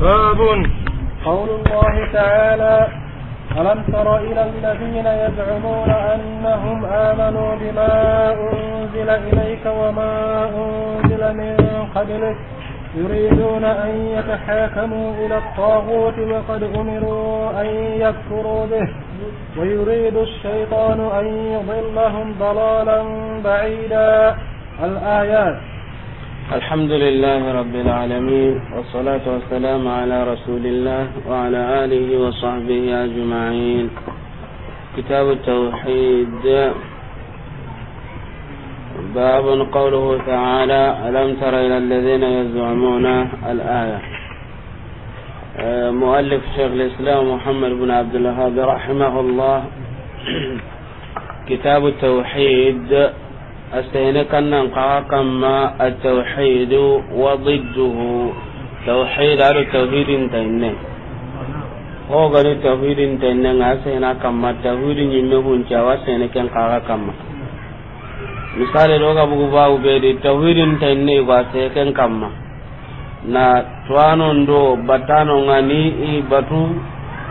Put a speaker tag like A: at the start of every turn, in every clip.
A: باب قول الله تعالى ألم تر إلى الذين يزعمون أنهم آمنوا بما أنزل إليك وما أنزل من قبلك يريدون أن يتحاكموا إلى الطاغوت وقد أمروا أن يكفروا به ويريد الشيطان أن يضلهم ضلالا بعيدا الآيات
B: الحمد لله رب العالمين والصلاة والسلام على رسول الله وعلى آله وصحبه أجمعين كتاب التوحيد باب قوله تعالى ألم تر إلى الذين يزعمون الآية مؤلف شيخ الإسلام محمد بن عبد الوهاب رحمه الله كتاب التوحيد a كنا ما التوحيد وضده توحيد على التوحيد تنين هو غني التوحيد تنين ما التوحيد misali ɗoga bugu bawu ɓeɗi tawhirin tanni ba seken kamma na tuwanon do battanonga ni i batu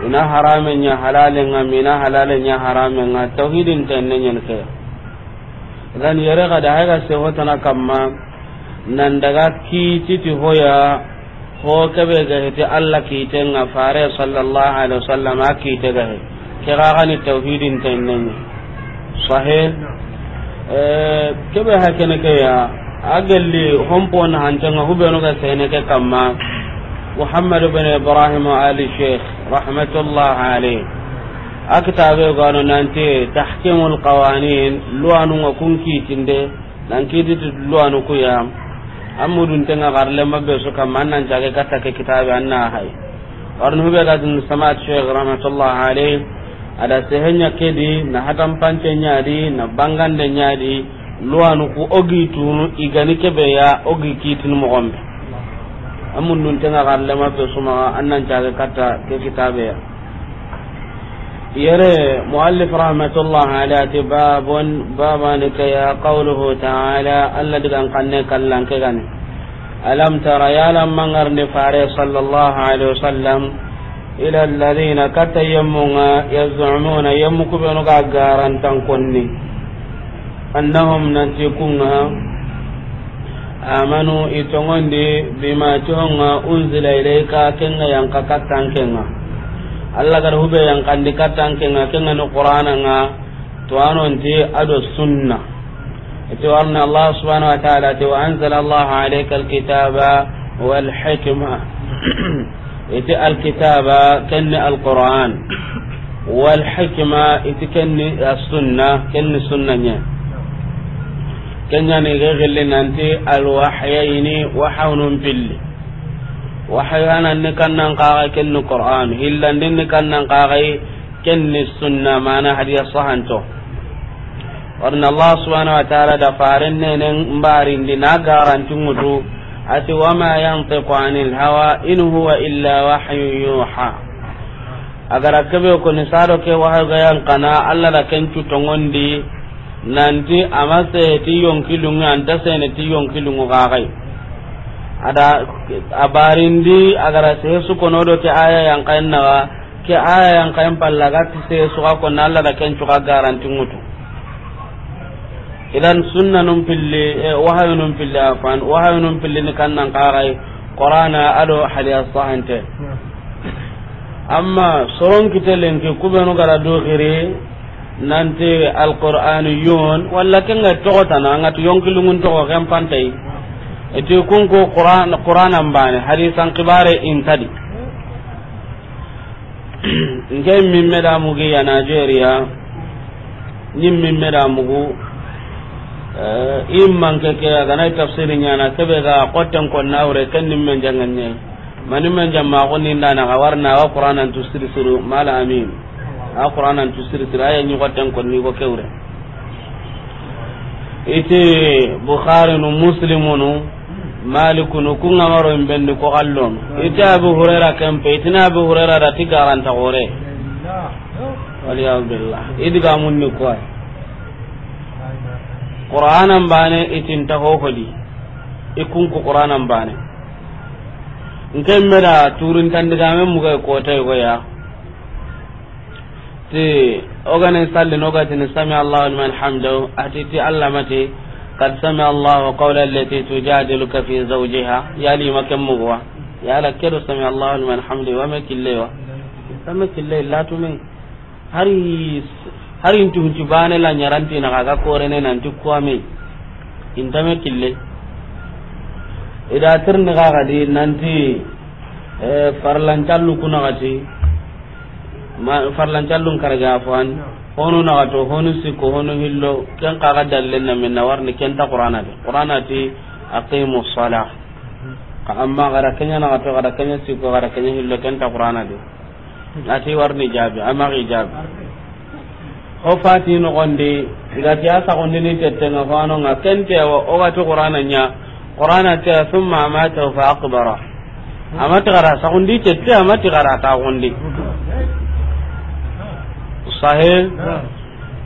B: ina haramen ya halalen mina halalen ya lan yare ga da haga se wata na kamma nan daga ki titi hoya ho kebe ga ti Allah ki tenga fare sallallahu alaihi wasallam ki te ga ke ga ga ni tauhidin nan ne sahih eh kebe ha kene ke ya agalli hompo na ga hube no ga se ne ke kamma muhammad ibn ibrahim ali sheikh rahmatullah الله akitabe gano nante tahkimul qawanin luwanu nga kun kitinde nan kiditi luwanu kuya amudun tenga garle mabbe so kam annan jage katta ke kitabe anna hay warnu be ga dun samat shaykh rahmatullah alayh ada sehenya kedi na hatam panche nyadi na bangande nyadi luwanu ku ogi tunu igani kebe ya ogi kitin mo gombe amudun tenga garle mabbe so ma annan jage katta ke kitabe ya yare muhallif rahmatullah ala ti babun baban ka ya qawluhu ta'ala Allah diga kanne kallan ke gani ya lam mangar ni sallallahu alaihi wasallam ila alladhina katayyamuna yaz'umuna yamku bi anuga garan tankonni annahum nantikunha amanu itongonde bima tonga unzila ilayka kenga yankakatankenga allah gar hube yang kandi katan kenga kenga no qur'ana nga to anonti ado sunna Itu arna allah subhanahu wa ta'ala to anzal allah al kitaba wal hikma kitaba alkitaba al Quran wal hikma itu kenna as-sunna kenna sunnanya kenya ne gelle nanti al wa hawnun billi. وحيانا نكنا قاغي كن القرآن إلا نكنا قاغي كن السنة معنا حديث صحنته ورنا الله سبحانه وتعالى دفارن مبارن لنقارن تمتو اتي وما ينطق عن الهوى ان هو الا وحي يوحى agara kebe ko ni sado ke wa ga yan kana alla da kencu tongondi nanti amase ti yonkilunga anta sene ti yonkilunga ga ada abarindi agara sehe su kono do ke aya yang kayan nawa ke aya yang kayan pallaga ti sehe su ka kono Allah da ken cuka garanti mutu idan sunna num pilli eh, wahayu num pilli afan wahayu num pilli ni kannan qarai qur'ana ado haliya sahante amma soron kitelen ke kubenu gara do gire nanti alqur'aniyun walla kenga togotana ngati yonkilungun togo kan pantai iti kunko qur'an qur'anan bane hadisan kibare tadi nke min meda mugi ya nigeria nin min meda mugu eh, in man ke agana tafsiri ke be ga qotan ko wure ken nin men janganñe mani men jamma ko nin dana xa warna awa qur'anantu siri siru mala amin a qur'anantu siri siru a yeñi qotten konni ko kewre iti bukhari nu muslimu nu malikunu kunga maro mbendi ko kallon ita abu hurera kempe itina abu hurera da tiga ranta gore waliyadu billah idiga munni koy qur'anan bane itin ta itinta hohodi ikunku qur'anan bane daga nkemmeda turintandigamen mugay kotay goya ti ogani sallin ogatini sami allahu liman hamdahu atiti mate قد سمع الله قول التي تجادلك في زوجها يا لي ما كم مغوا يا لك سمع الله لمن حمده وما كليوا وما كلي لا تمن هري هري انت هنت بان لا نيرانتي نغا كورن نانت كوامي انت ما كلي اذا ترن غا دي نانتي farlancallu kunagati فرلان جالو afuan honu na to honu sikko honu hillo ken kaga dallen na min nawarni ken ta qur'ana de qur'ana ti aqimu salah ka amma gara kenya na to gara kenya sikko gara kenya hillo ken ta qur'ana de ati warni jabi amma ri jabi o fati no gonde ti asa gonde ni tette na fano nga ken te o ga to qur'ana nya qur'ana ta thumma amata fa aqbara ti gara sa gonde tette ti gara ta gonde sahih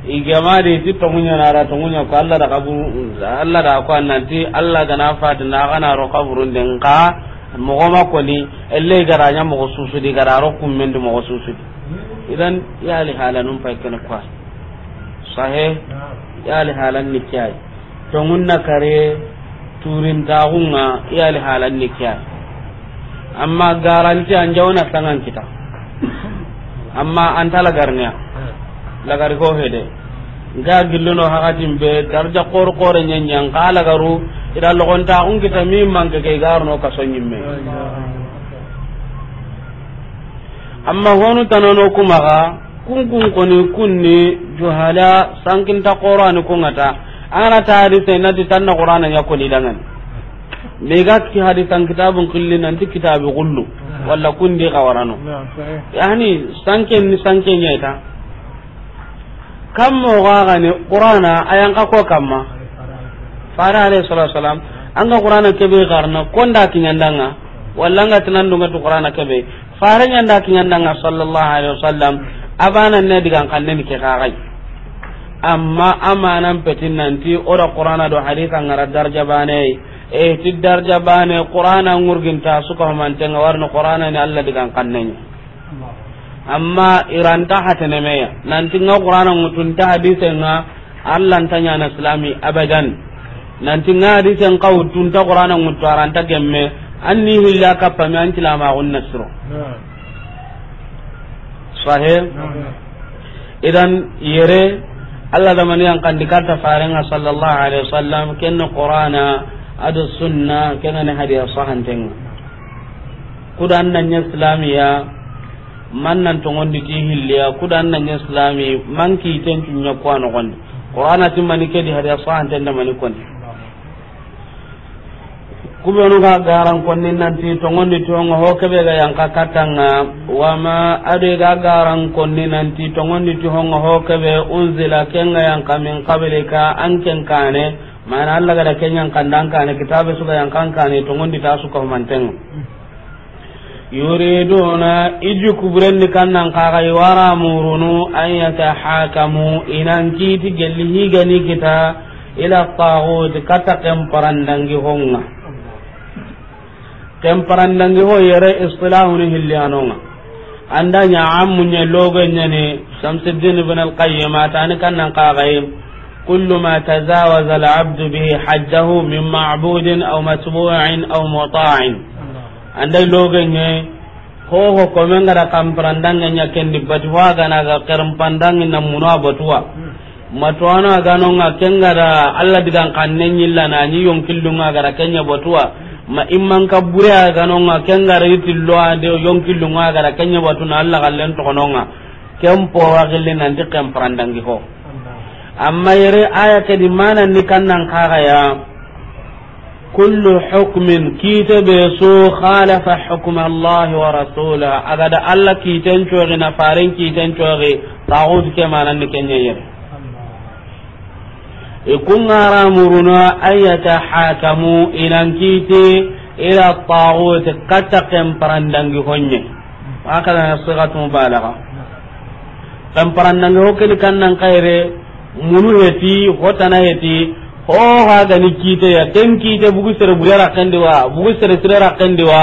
B: igamari ti tongunya nara tongunya ko Allah da kaburu Allah da ko nanti Allah da na fati na kana ro kaburun den ka go ma ko ni elle garanya mo susu di gararo men do mo susu idan ya li um pai kana kwa sahe ya li halan ni kyai na kare turin tagunga ya li halan ni kyai amma garanti an jauna sangan kita amma anta lagarniya lagari ko hede nga gilluno hakatin be darja kor kore nyenyan ka lagaru ida logon ta un kita mi manke ke garno ka sonyimme amma honu tanono kuma ga kun kun koni kunni juhala sankin ta qur'ani kun ata ana ta hadisi na ditanna qur'ana ya koni mega ki hadisan kitabun kulli nan ti kitabu kullu walla kundi kawarano yani sanken ni sanken yaita kam mo gaga ne qur'ana ayan ka ko kamma fara alayhi salatu wasalam anga qur'ana kebe garna konda kinyandanga walla nga tinan dunga tu qur'ana kebe fara nyanda kinyandanga sallallahu alaihi wasallam abana ne diga kan ni ke gagai amma amanan petin nanti ora qur'ana do haditha ngara darja bane e ti darja bane qur'ana ngurginta suka tan warno qur'ana ni allah digan kannenya amma iranta me nan tin nga qur'ana ngutunta na allah tanya na islami abadan nanti nga hadisen tun ta qur'ana ngutu aranta gemme anni hilla ka mi anti la ma gunna siro sahih idan yere allah da man yang kandikata faringa sallallahu alaihi wasallam kenno qur'ana ado sunna ne hadiya sahantenga kuda annanya ya man nan togondi ti hilliya kudan annanya islami man kiiten cunya kuwa nogondi qur'ana timmani kedi hadiya sahantendamani kondi kubenu ga garan konni nanti togondi tongo ho kebe ga yanka katanga wama ado ga garan konni nanti togondi ti hongo ho kebe unzila kenga yanka min qablika anken ken kane mana Allah ga da kenyan kandan kane kitabe suka yankan kane to ngondi ta suka manten yuriduna iju kubrenni kannan kaga iwara murunu an yatahakamu inan kiti gelli gani kita ila taghut kata kemparandangi honga kemparandangi ho yere istilahuni hillianonga andanya ammunya logo nyane samsuddin ibn al-qayyim atani kannan kaga كل ما تزاوز العبد به حده من معبود أو متبوع أو مطاع عندي لوغن hoho komen gara kamparandange ñakendi batuwa ganaga kermpandange namunoa batuwa matuwano aganonga kengara allah digan kanne ñillana ñi yonkillunga gara kenya batuwa ma imman ka bure aganonga kengara yitilloa de yonkillunga gara kenya batuna allah gallen togononga ken powa gilli nanti kemparandangi ho amma yare aya di mana ni kannan ya kullu hukmin kite be so khalafa hukm Allah wa rasula da Allah kiten coge na ki kiten coge ta'ud ke mana ni kenya yere ikun ara muruna ayata hakamu ilan kite ila tagut kata kemparandangi honye aka na sigatu mubalagha kemparandangi hokeli kannan kayre munu heti hotana heti ho ha ni kite ya ken kite bugu sere bulera wa bugu sere sirera kandiwa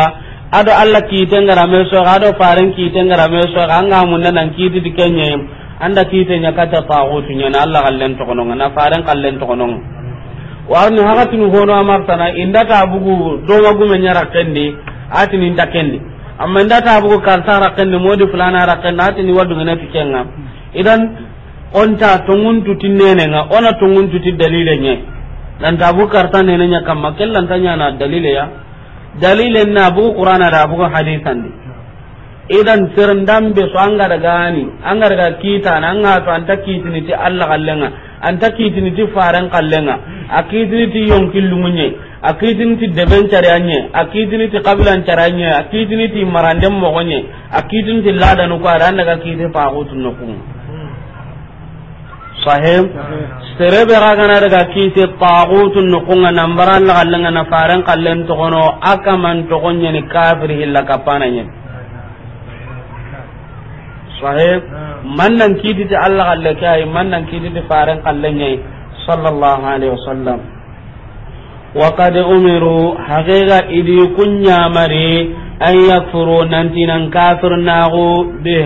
B: ado alla kite ngara so ado faren kite ngara meso anga mun nan kite dikenye anda kite nya kata ho tunya na alla kallen to kono na faren kallen to kono warni hagatinu hono amartana ta bugu donga gume nyara kendi ni inta kendi amma inda ta bugu karta rakkendi modi fulana ati ni wadu ngene fikenga idan onta tongun tuti nene nga ona tongun tuti dalile nye nan tabu karta nene nya makel lan tanya na dalile ya dalile na bu qur'an ada bu hadisan di idan serendam be su an gara gani an gara kita na an to an ta kitini ti Allah kallenga an ta kitini ti faran kallenga a kitini ti yonkin nye a kitini ti deben caranye a kitini ti kabilan caranye a kitini ti maranden mogonye a kitini ti ladanu ko daga kiti fago hutun nokum sahim sere be daga kiti taqutun nukunga nambara Allah kallenga na faran kallen to kono aka man to konya ni kafir illa kapana nyen sahib man nan kiti ta Allah kalle kai man nan kiti ta faran kallen nyen sallallahu alaihi wasallam wa qad umiru haqiqa idi kunya mari an yakfuru nan kafir nago be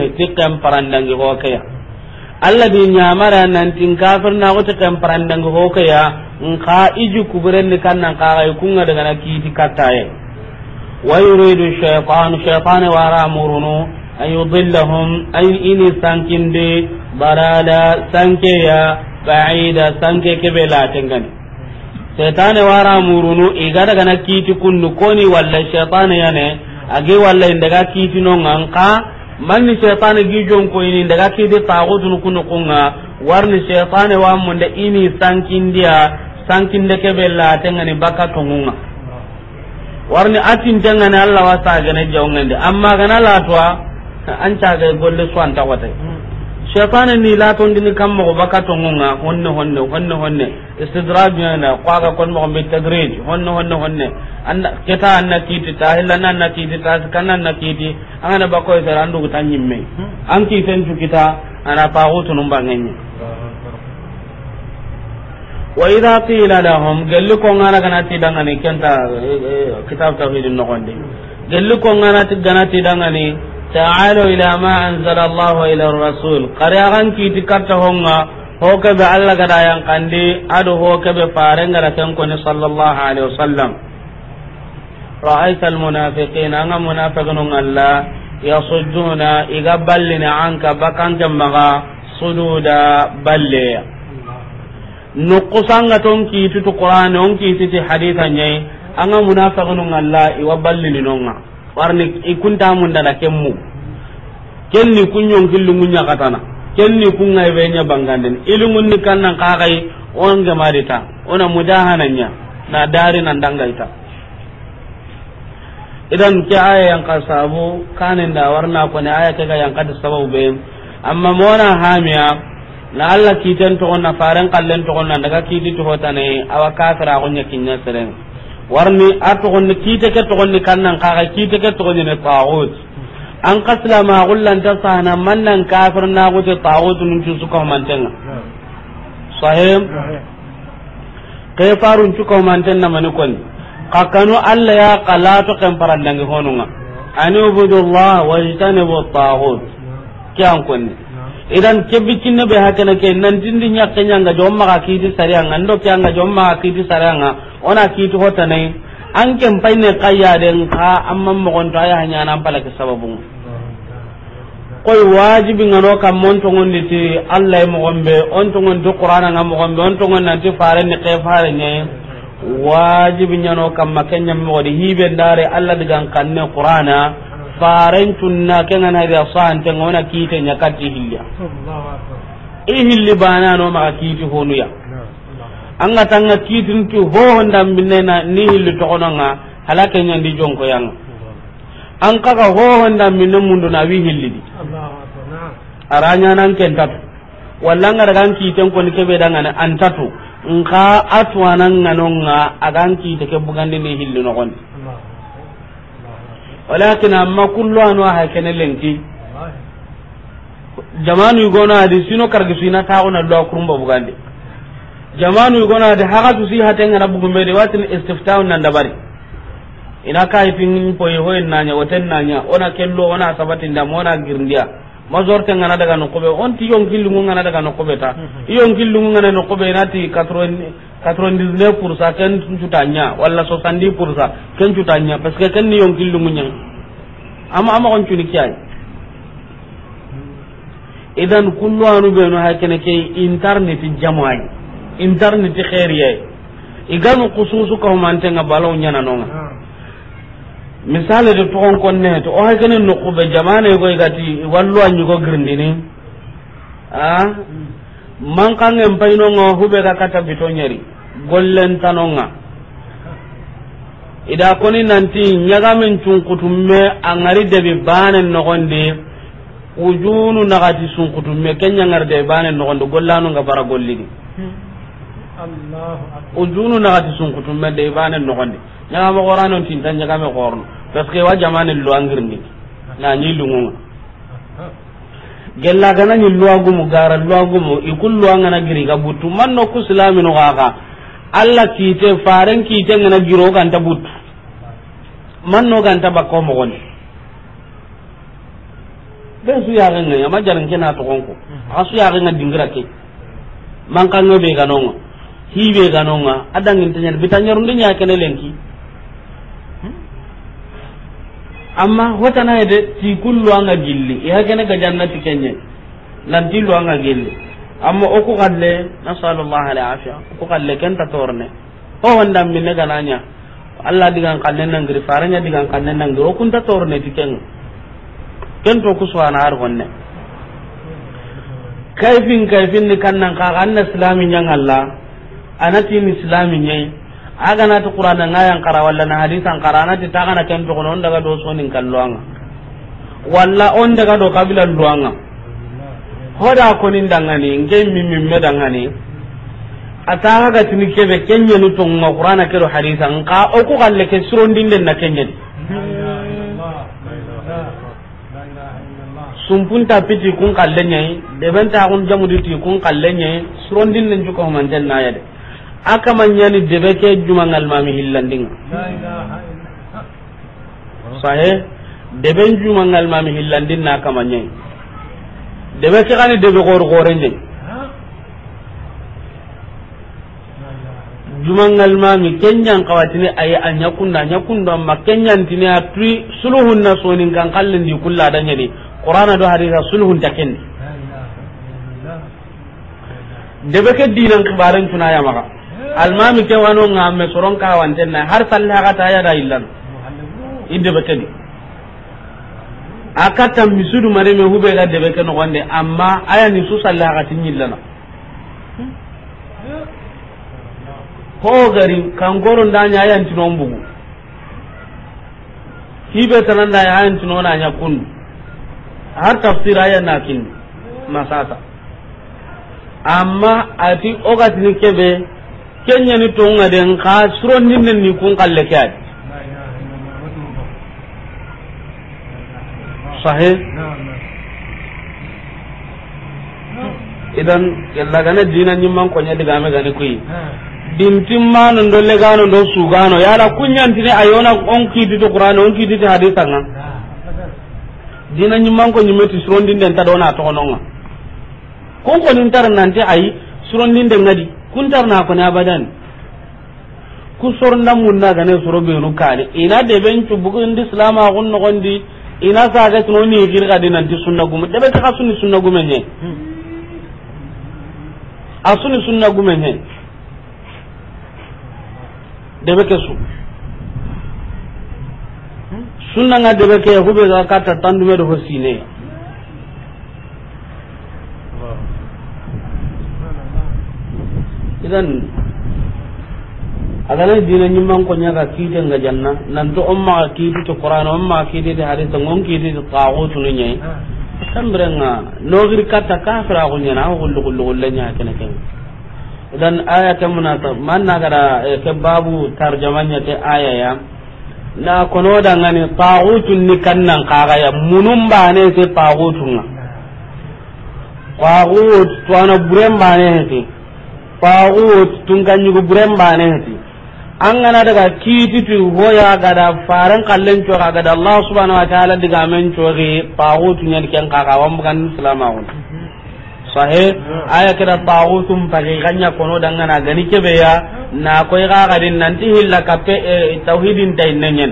B: allah bi nyamara nan tin kafir na wata tamparan tamparandanga in ka iji kuburen kuburenni kannan kaxay kunga dagana kiiti kattaye wa yuridu shaytanu shaytane wara murunu an yudillahum an ini barala sanke ya baida sanke ke kebe latengani shaytane wara murunu iga daga dagana kiiti kundu koni walla shaytane yane age walla indaga kiitinonga ka manni shaytani gi ko ini daga kidi tagutun kunu kunga warni shaytani wa de ini sankin sankindiya sankinde kebe la tengani baka tongunga warni atin tengani Allah wasa gane jawngande amma gana latwa an ga e golle swanta watai shaytane ni laton dini kam mako baka to ngonga honne honne honne honne istidraj na kwaga kon mako mi tadrij honne honne honne anna keta anna kiti ta hilla na anna kiti ta kana anna kiti anana bako isara ndu tanyimme hmm? an ki sen ju kita ana pa hutu numba ngenye wa idha qila lahum galliko ngana kana tidangani kenta eh, eh, kitab tawhid nogondi gallu ko ngana tidangani تعالوا إلى ما أنزل الله إلى الرسول قريغان كي تكتهونغا هوك بألا قد ينقندي أدو هوك بفارنغ لتنكني صلى الله عليه وسلم رأيت المنافقين أنا منافقون الله يصدون إقبلن عنك بكان جمغا صدودا بلي نقصان تنكي تتقران ونكي تتحديثا أنا منافقون الله يوبلن نونغا warni ikunta mun dana kemmu kenni kun kilungu munya katana kenni kun ngai nya bangandin ilungun ni kannan kakai on ga marita ona mudahananya na dari nan dangaita idan ke aya yang kasabu sabu kanin da warna ko ne aya kaga yang ka sababu be amma mona hamiya na Allah kiten to on na faran kallen to on daga kiti to hotane awa kafira gonya kinya sereng warni a ni kite ke kan kannan kaka kite ke togonni ne tagut an kasla ma gullan ta sana mannan kafir na gute tagut nun ci suka mantenga sahim ke farun ci ko mantenna mani kon kakanu alla ya to kan parandangi honunga ani ubudullah wa jtanibu tagut kyan konni idan kebbi ne be hakana ke nan dindi nyakka nyanga jomma ka kiti sarianga ndo kyanga jomma ka kiti sarianga ona kiti hota nay an ken paine kayya den ka amma mo gon ta hanya nan pala ke sababu koy wajibi ngano kam mon to ngondi ti allah e mo gombe on to ngondi qur'ana ngam mo gombe on to ngondi nanti faare ni ke faare ni wajibi nyano kam makenya mo di hibe ndare allah de digan kanne qur'ana faaren tunna kenga na da san te ngona kite nyakati hilya i hilli bana no ma kiti honuya anga tanga kitin tu ho honda minne na ni hilu to nga halaka nyandi jonko yang an ka ho honda minne mundu na wi di aranya nan ken tat walla nga daga kiten ko ni kebe dangana an tatu nka nga nganonga agan kite ke bugande ni hilli no gondi walakin amma kullu wa ha lenki jamanu gona di sino kargi ta tauna do kurumba bugande jamanu gona da haga tu si hatenga na bugu mere watin istiftaun nan da bari ina kai tin nan ya nanya nan ya ona kello ona sabatin da mona girndia mazorte ngana daga no kobe on ti yon gillu ngana daga no kobe ta yon gillu ngana no kobe nati 99% ken cutanya pour 70% ken cutanya parce que ken yon gillu munya amma amma on cuni kiyai idan kullu anu beno hakene ke internet jamai intarni ti khairiye iganu kususu ka humante nga balaw nyana nonga ah. misale de togon ne to o hakene no kube jamane go igati wallo anyu go grindini a ah? man kan en payno ngo hube ka kata bitonyeri gollen tanonga ida koni nanti nyagamen cunkutumme angari debi banen nogondi ujunu nagati sunkutumme kenya ngari debi banen nogondi gollanu nga bara golligi hmm. sun kutum sunkutumme de ibane nogondi ñagama xoranon tinta ñagame xoorno parce que wa jamane luwangirndiki nañi lungunga gella gana agu mu gara ikul ikun angana giri ga butu man no ku alla ki te kiite faren kiite ngana giro ta butu man no ko mo gonde be su ya yaxenga ama jarin kena gonko mhm. axa su ngana dingira ke man kan be ga no hibe ganonga adangin tanyar bitanyar ndinya kene lenki amma wata na de ti kullu anga gilli ya kene ga jannati kenye lan ti lu anga gilli amma oku galle nasallallahu alaihi afia oku galle ta torne o wanda ne gananya Allah digan kanne nan giri faranya digan kanne nan giri okun ta torne ti ken to ku suwana ar gonne kaifin kaifin ni kannan ka anna islamin yan Allah anati islamin yayi aga na ta qur'ana ngayan qara wala na hadisan qara na ta kana na kan non daga do sonin kallonga wala on daga do kabila luanga hoda ko nin dangani nge mimmi me dangani ataga ga ke be kenye nu to ngo qur'ana kero hadisan ka o ko galle ke surondin den na kenya sumpun ta piti kun kallenye de ben ta kun jamu diti kun kallenya surondin den ko man den na ya de aka yani debe ke juma mami hillandinga sahe debe juma ngal mami hillandin na kama manyani debe ke kani debe gor gore ne juma ngal mami kenyan kawatini ayi anya kunda anya kunda ma kenyan tini atri suluhun na sonin kan kallin di adanya ni qur'ana do hadisa suluhun takendi debe ke dinan kibaren tunaya maka almami ke wano nga me soron ka wante na har salla ga ta ya da illan inde ni akata misudu mare me hube ga de ke no wande amma aya ni su salla ga tin illana ko gari kan goron da nya aya tin ombugu hibe tanan da aya tin ona nya kun har tafsir aya na kin masata amma ati ogatini kebe kenya ni tonga den ka suron nin ni kun kalle kya sahe idan yalla gane dina ko nya diga me gane kuyi dintin ndo le gano ndo su gano yala kunya ntine ayona on ki di qur'an on kiti hadisa nga dina man ko nyimeti surondin den ta na to nonga kon ko nin tar nanti ay surondin den ngadi kuntar na kone abadan kusor na munna ga ne suru be nu kani ina de ben cu bugun di islama gun no gondi ina sa ga tuno ni gir ga dinan di sunna gume de be ta sunni sunna gume ne asuni sunna gume ne de be kesu sunna nga de be ke hube ga kata me do hosine gandi agana dina nyimman ko nyaga kite nga janna nan to umma kite to qur'an umma kite de hadith ngon kite to taqut nu nyai ah. tambrenga nogir kata kafira ko nyana ko gullu gullu gullu nya kana ken dan aya ta munata man gara eh, ke babu tarjamanya te aya ya na kono da ngani taqutun ni kannan kaga ya munum ba ne se taqutun ah. taqut to ana buren ba ne sai tagut tun kan yugo buren bane hati an gana daga kiti tu hoya gada faran kallen to ga da Allah subhanahu wa ta'ala diga men to ge tagut nyen ken ka ga wan bukan salama on sahe aya kada tagutum pagi ganya kono dangana gani kebe ya na koy ga ga din nan ti hilla ka pe e, tauhidin dai nenyen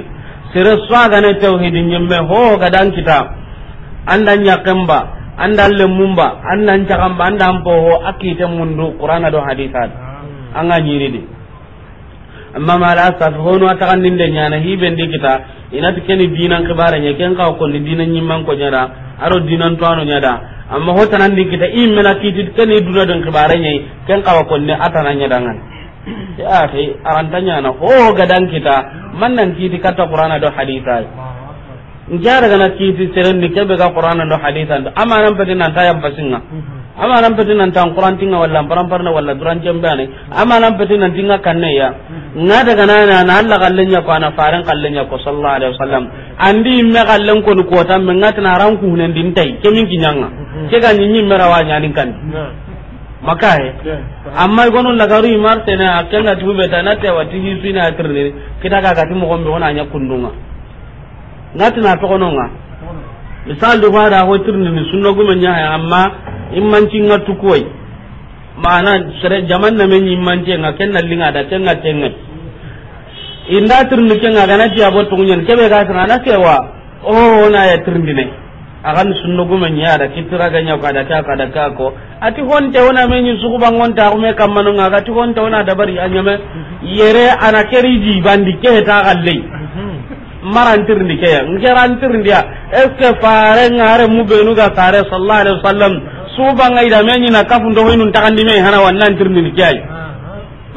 B: sire swa ga ne tauhidin yemme ho ga dan kita andan anda alle mumba anda ncagamba anda ampoho akite mundu qur'ana do hadithat ah. anga nyiri de amma mala asaf hono atakan ninde nyana hibe ndi kita inati keni dinan kibare nye ken ka ko ni dinan nyimman ko nyada aro dinan to ano nyada amma hota nan ndi kita imena kiti keni duna don kibare nye ken ka ko ni atana nyada ngan ya akhi arantanya na ho oh, gadan kita man nan kiti kata qur'ana do hadithat njara gana kiti ni kebe ga qur'ana do haditha do amanan pati nan ta yam basinga amanan pati nan ta qur'an tinga walla param parna walla duran jambane amanan pati nan tinga kanne ya na daga na na na Allah kallenya ko ana faran kallenya ko sallallahu alaihi wasallam andi me kallen ko ko tan men ngata na ranku ku din tai min kinyanga ke ga nyinyi merawa nyanin kan maka he amma gonu lagaru imar tena akenga tubeta na tewa tihi suina atrene kitaka ka timo gombe ona nya kundunga ngati na tokono nga misal du fara da tirni ni sunna gume nya amma imman cinga tukoy mana sere jaman na men imman cinga kenna linga da tenga tenga inda ke kenga gana ti abo tunyen kebe ga sana na kewa o na ya tirni ne akan sunna gume nya da kitira ga nya da ta da ka ko ati honte wona men ni suku bangon ta kuma kamano nga ati honte wona dabari anyame yere ana keriji bandi ke ta kallai marantirndi keya nkerantirndiya est ce que fare ngare wasallam suba ngai da wa na kafu ndo kafunto hoynum me hana wannantirndini ke ay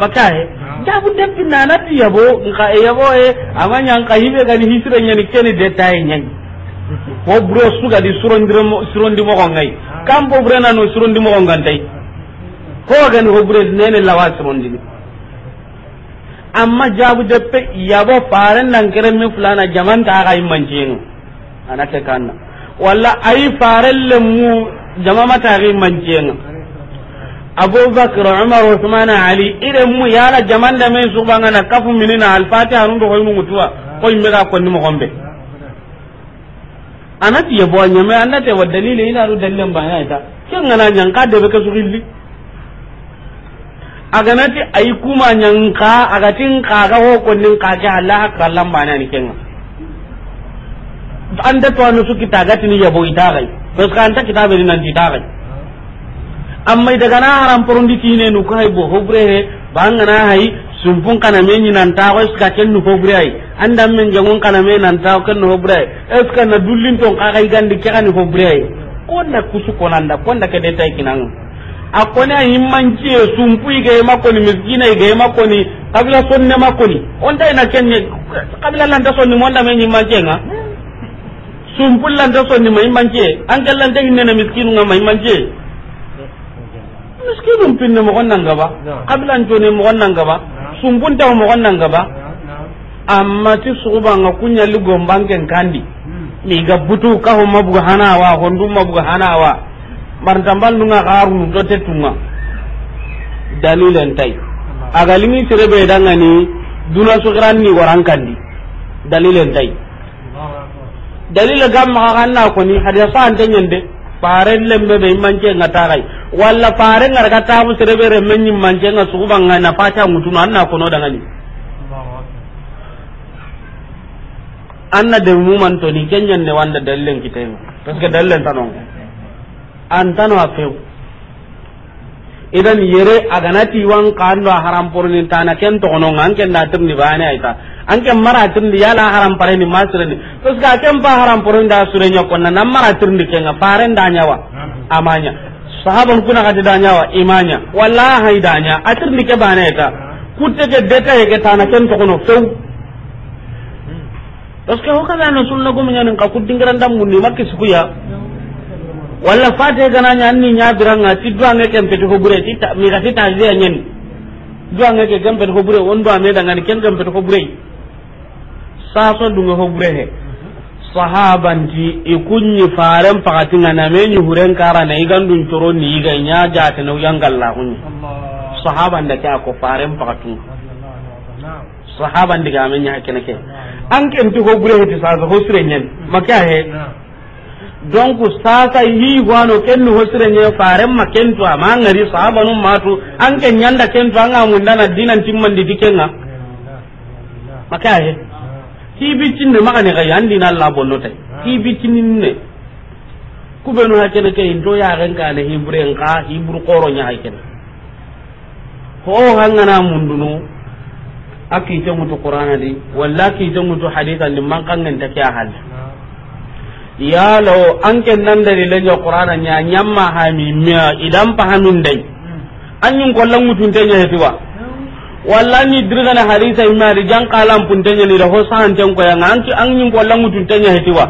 B: makahe jabu deppi nanati yabo nka yabo e, e ama ñanka hiɓe gani hisire ñani keni detaille ñani wo buro sugadi surondi mo ngai kam bo no surondi mo ngantai ko gani ho bure nene lawa surondini amma jabu deppe yabo faran nan keren min fulana jaman ta ga imanjinu anake kanna walla ayi faren lemu jama mata ga Abu abubakar umar usman ali ire mu yala jaman da men subanga na kafu minina alfatiha nun do koy mu mutuwa koy mega ko ni mo gombe anati yabo nyame anate wa dalile ina ru dalilan ba ya ita kin ngana nyanka de be ka sugilli aganati ayi kuma nyanka agatin kaga ho konnin kaga Allah lamba na ni kenga anda to anu suki tagati ni yabo itagai to ka ta kita ni nan itagai amma daga na haram di tine nu kai bo hobre he bangana hai sumpung kana menyi nan ta ko ska ken nu hobre ai anda men jangun kana men nan ta ken nu hobre ai eska na dullin ton gandi igandi kani hobre ai konda kusu konanda konna kede tai kinanga akoni ahimmancie sumpui gaye makoni misgina gaye makoni kabila sonne makoni onta ina kenye kabila lanta sonni monda me nyimmancie nga sumpu lanta sonni ma himmancie ankel lanta na miskinu nga ma himmancie miskinum pinne mogon nangaba kabilancone mogon nangaba sumpuntawo mogon nangaba amma ti sugubanga kunyalli gombanken kandi hmm. miga butu kahoma mabuga hanawa honduma mabuga hanawa martambal nunga garunu do tetunga dalilen tay agalimi limi serebe dangani duna sugran ni warankandi dalilen tay dalila gamma kanna koni hadiya sa antenyende pare lembe be manke ngata kai walla nga ngarga tabu serebe re menyi manke nga suku banga na pacha mutunu anna kono dangani anna de mu man toni ni kenyan ne wanda dalilen kitenga parce que dalilen tanonga antano a few idan yere aganati wan kando a haram porni tana ken tokono nga ken da tirni bane aita ken mara tirni yala haram masre ni to ska ken pa haram porni da nya konna nan mara tirni ken pare nda da nyawa amanya sahabon kuna ka da nyawa imanya wallahi da nya atirni ke bane aita kutte ke deta ke tana ken tokono to tos ka hokala no sunna gumunyanin ka kuddingiran dam ni makki ya. wala fate gana nya ñabiranga ti ken pete ko bure ti mi mita ti ta tasia ñani duwange ke kempeti hobure won duwa medangani ken ko bure sa so du saso ko bure he sahaban ti e kunni faran na me sahabanti i na faren pakatinga toro ni karana nya ja ta no ña jatenew hun sahaban da ka ko faren pakatunga sahabandika ame ñaha kene ke an ken kenti hobure heti sasa ho sire ñani maka he donc sasa hiigwano kenni hosirenye farenma kentu ama ngari sahabanum matu anke ñanda kentu anga mundana dinantimmanditi kenga makaye kibiccinne magani kay andina allah bonno tay kibiccininne kubenu ha kene ke into yaren kane hibren ka hibru koronya ha kene ho hangana mundunu akite mutu qur'ana di walla kite mutu hadithan di man kangen ta ahal yalo ke nan da le jo qur'ana nya nyamma ha mi miya idan pahamin dai an yin kollan mutun tanya heti wa wallani dirga na hadisa imma ri jan qalam pun tanya ni da ho san tan ko yang ki an yin kollan mutun tanya heti wa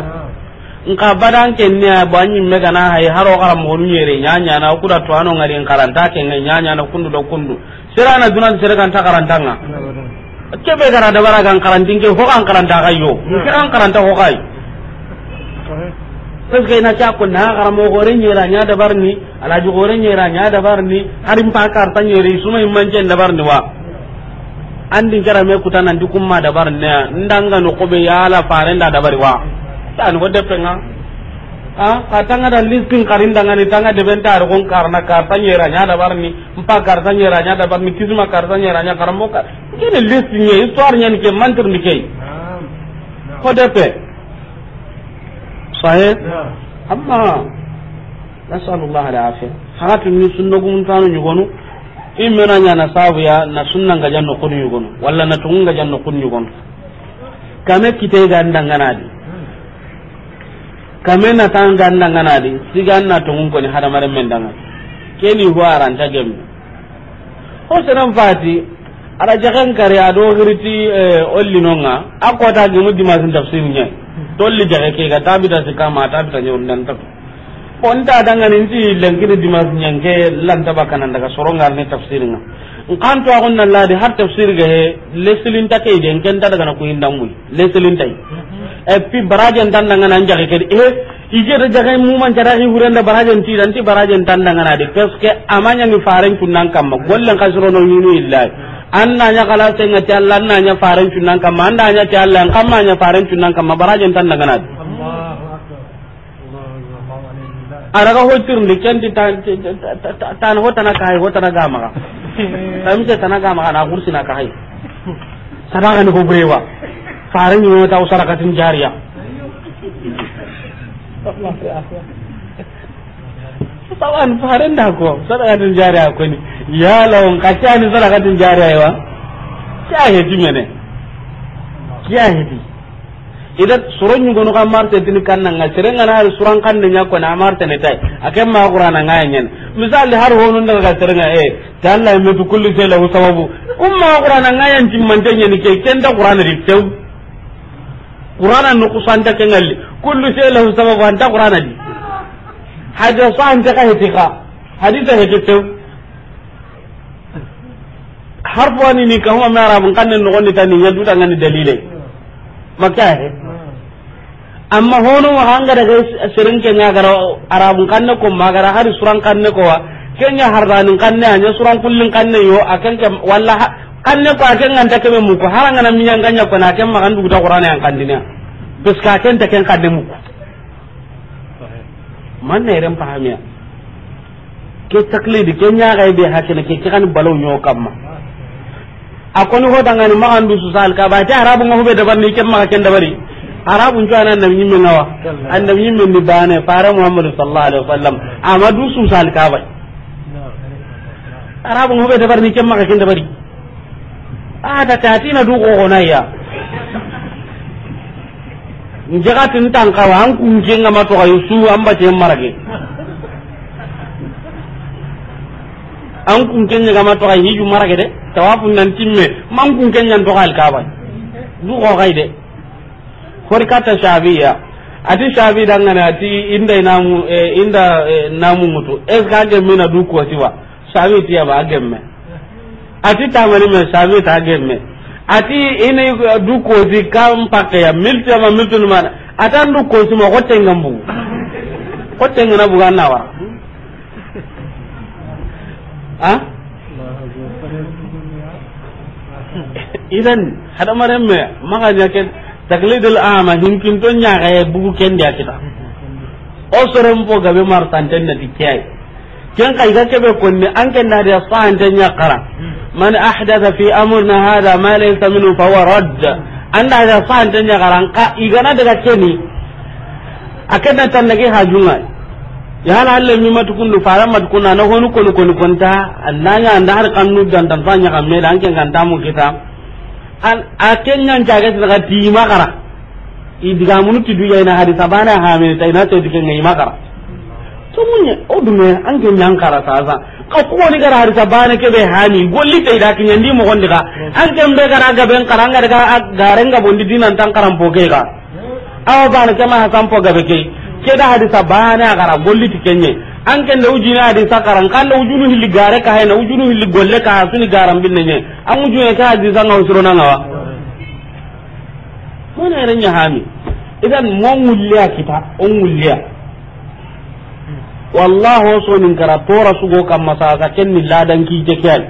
B: in ka badan ken ne ba yin mega na hay haro garam honu re nya nya na ku da to anon ngari karanta ken nya nya na kundu da kundu sirana dunan sirakan ta karantanga kebe gara da bara kan karantin ke ho kan karanta kayo ke kan karanta ho kayo parce na ina ca kunna ha garamo gore nyera nya da barni ju gore nyera nya da barni harin pa karta nyeri suma jen da barni wa andi gara me kutana ndi kumma da barni ndanga no kobe yala pare nda da bari wa tan go depenga a katanga da listing karinda ngani tanga de benta ar gon karna karta nyera nya da barni mpa karta nyera nya da barni kizuma karta nyera nya karamo ka ngene listing ye histoire nyen ni ke mantur ni ke ko pe صحيح أما نسأل الله العافية حقات من سنة قمت أنا يقولوا إما أنا نساويا نسنة جن نقول يقولوا ولا نتون جن نقول يقولوا كما كتير عندنا غنادي kame na tan ganda ngana di sigan na tungun ko ni hada mare mendanga keni huaran ta gem ho fati ala jagan kare ado giriti olli nonga akota tolli jaga ke ga tabita si kama ta nyon dan tak on ta danga nin ti langkini dimas nyange lanta kanan daga soronga ni tafsir nga kan to agun nan ladi har tafsir ga he leslin ta kai den ken ta daga na ku hindam mu leslin tay e pi barajen dan nan nan jaga ke e eh, ije da jaga mu man jara hi huren da barajen ti dan ti barajen dan nan na de peske amanya ni faren kam ma gollen kasrono yunu illahi anna nya kala senga ti Allah anna nya faran cunan kama anna nya ti Allah kama nya faran cunan kama barajen tan daga nat araga hotur ndi kenti tan hotana kai hotana gama tamse tanaga ma na kursi na kai sadaka ni ko burewa faran ni mo ta usara katin jariya Allah ya tawan faran da ko sadaka din jariya ko ni ya lawon kaciya ni sadaka din jariya wa kiya hedi mene kiya hedi idan suron yugo no kan ta din kan nan asirin ana har suran kan nan ko na amar ta ne tai akan ma qur'ana ngayen yen misali har honun daga asirin eh ta Allah mai tu kullu sai lahu sababu umma qur'ana ngayen timman tanye ni ke kenda qur'ana di tew qur'ana no kusanta kengalli kullu sai lahu sababu anta qur'ana di haja so an ta ka heti ka hadisa heti tew harfo ani ni kan ma arabun kan no gondi tan ni yadu tan ngani dalile maka he amma hono wa hanga daga sirin ke nya gara arabun kan ko magara hari suran kan ko wa kenya hardanin kan ne anya suran kullun kan ne yo akan ke walla kan ne ko akan nganta ke mu ko haranga na minya ganya ko na kan makan duta qur'ana yang kan dinya bes ka ken ta ken kan ne mu man na iren fahamiya ke taklidi ke nya ga be hakene ke kan balaw nyo kamma akoni ho danga ni magan du susal ka ba ta arabu ngo be dabar ni ken ma ken dabari arabu njo anan nam nyimme ngawa an nam nyimme ni bane fara muhammad sallallahu alaihi wasallam amadu susal ka ba arabu ngo be dabar ni ken ma ken dabari ada tatina du ko gonaya njagatin ntankawa an kuncenga matoxa yusu an baten marage an kunkeñagama toxa hiju marage de tawafu nan timme man kunkeñan toxa alkabay du xoxay de hori kata shabiya ati shafi dangane ati inda namu e, inda e, namu mutu est ce que a gemme na du kuwasiwa shafi tiyaba a gemme ati tamani me shabi ta gemme ati ina du kosi kan pakeya miltu ma miltu ma atan du kosi ma kotte ngambu kotte ngana buga na wa ha idan hada maran me maka ya ken taklidul ama hinkin to nya ga bugu ken dia kita o soron po gabe martan tanten na dikiyai ken kay ga kebe konni an ken ake da sa'an tan ya qara man ahdatha fi amrina hada ma laysa minhu fa huwa radd an da da sa'an tan ya qara ka igana daga keni akan nan tan nage hajunga ya hala alle mi matukun du fara matukun na honu konu konu konta annanya anda har kannu dan dan fanya kamme dan ken kan tamu kita an aken nan jaga daga ti makara idiga munuti duya ina hadisa bana ha me tai na to dikin ngai makara tumunye odume anke nyankara sasa ka ni gara harisa bane kebe hani golli te ida kinya ndi mo an anke mbe gara ga ben karanga daga garenga bondi dinan tankaram pokega awa bane kema hasan po gabe ke keda harisa bane gara golli ti kenye anke nda ujina harisa karan kanda ujunu hilli gare ka hena ujunu hilli golle ka hasuni garam binnenye an ujune ka hadisa nga usuro nanga wa mona erenya hami idan mo ngulliya kita on ngulliya wallahu so nin kara tora go kam masaka kenni ladan ki je kyal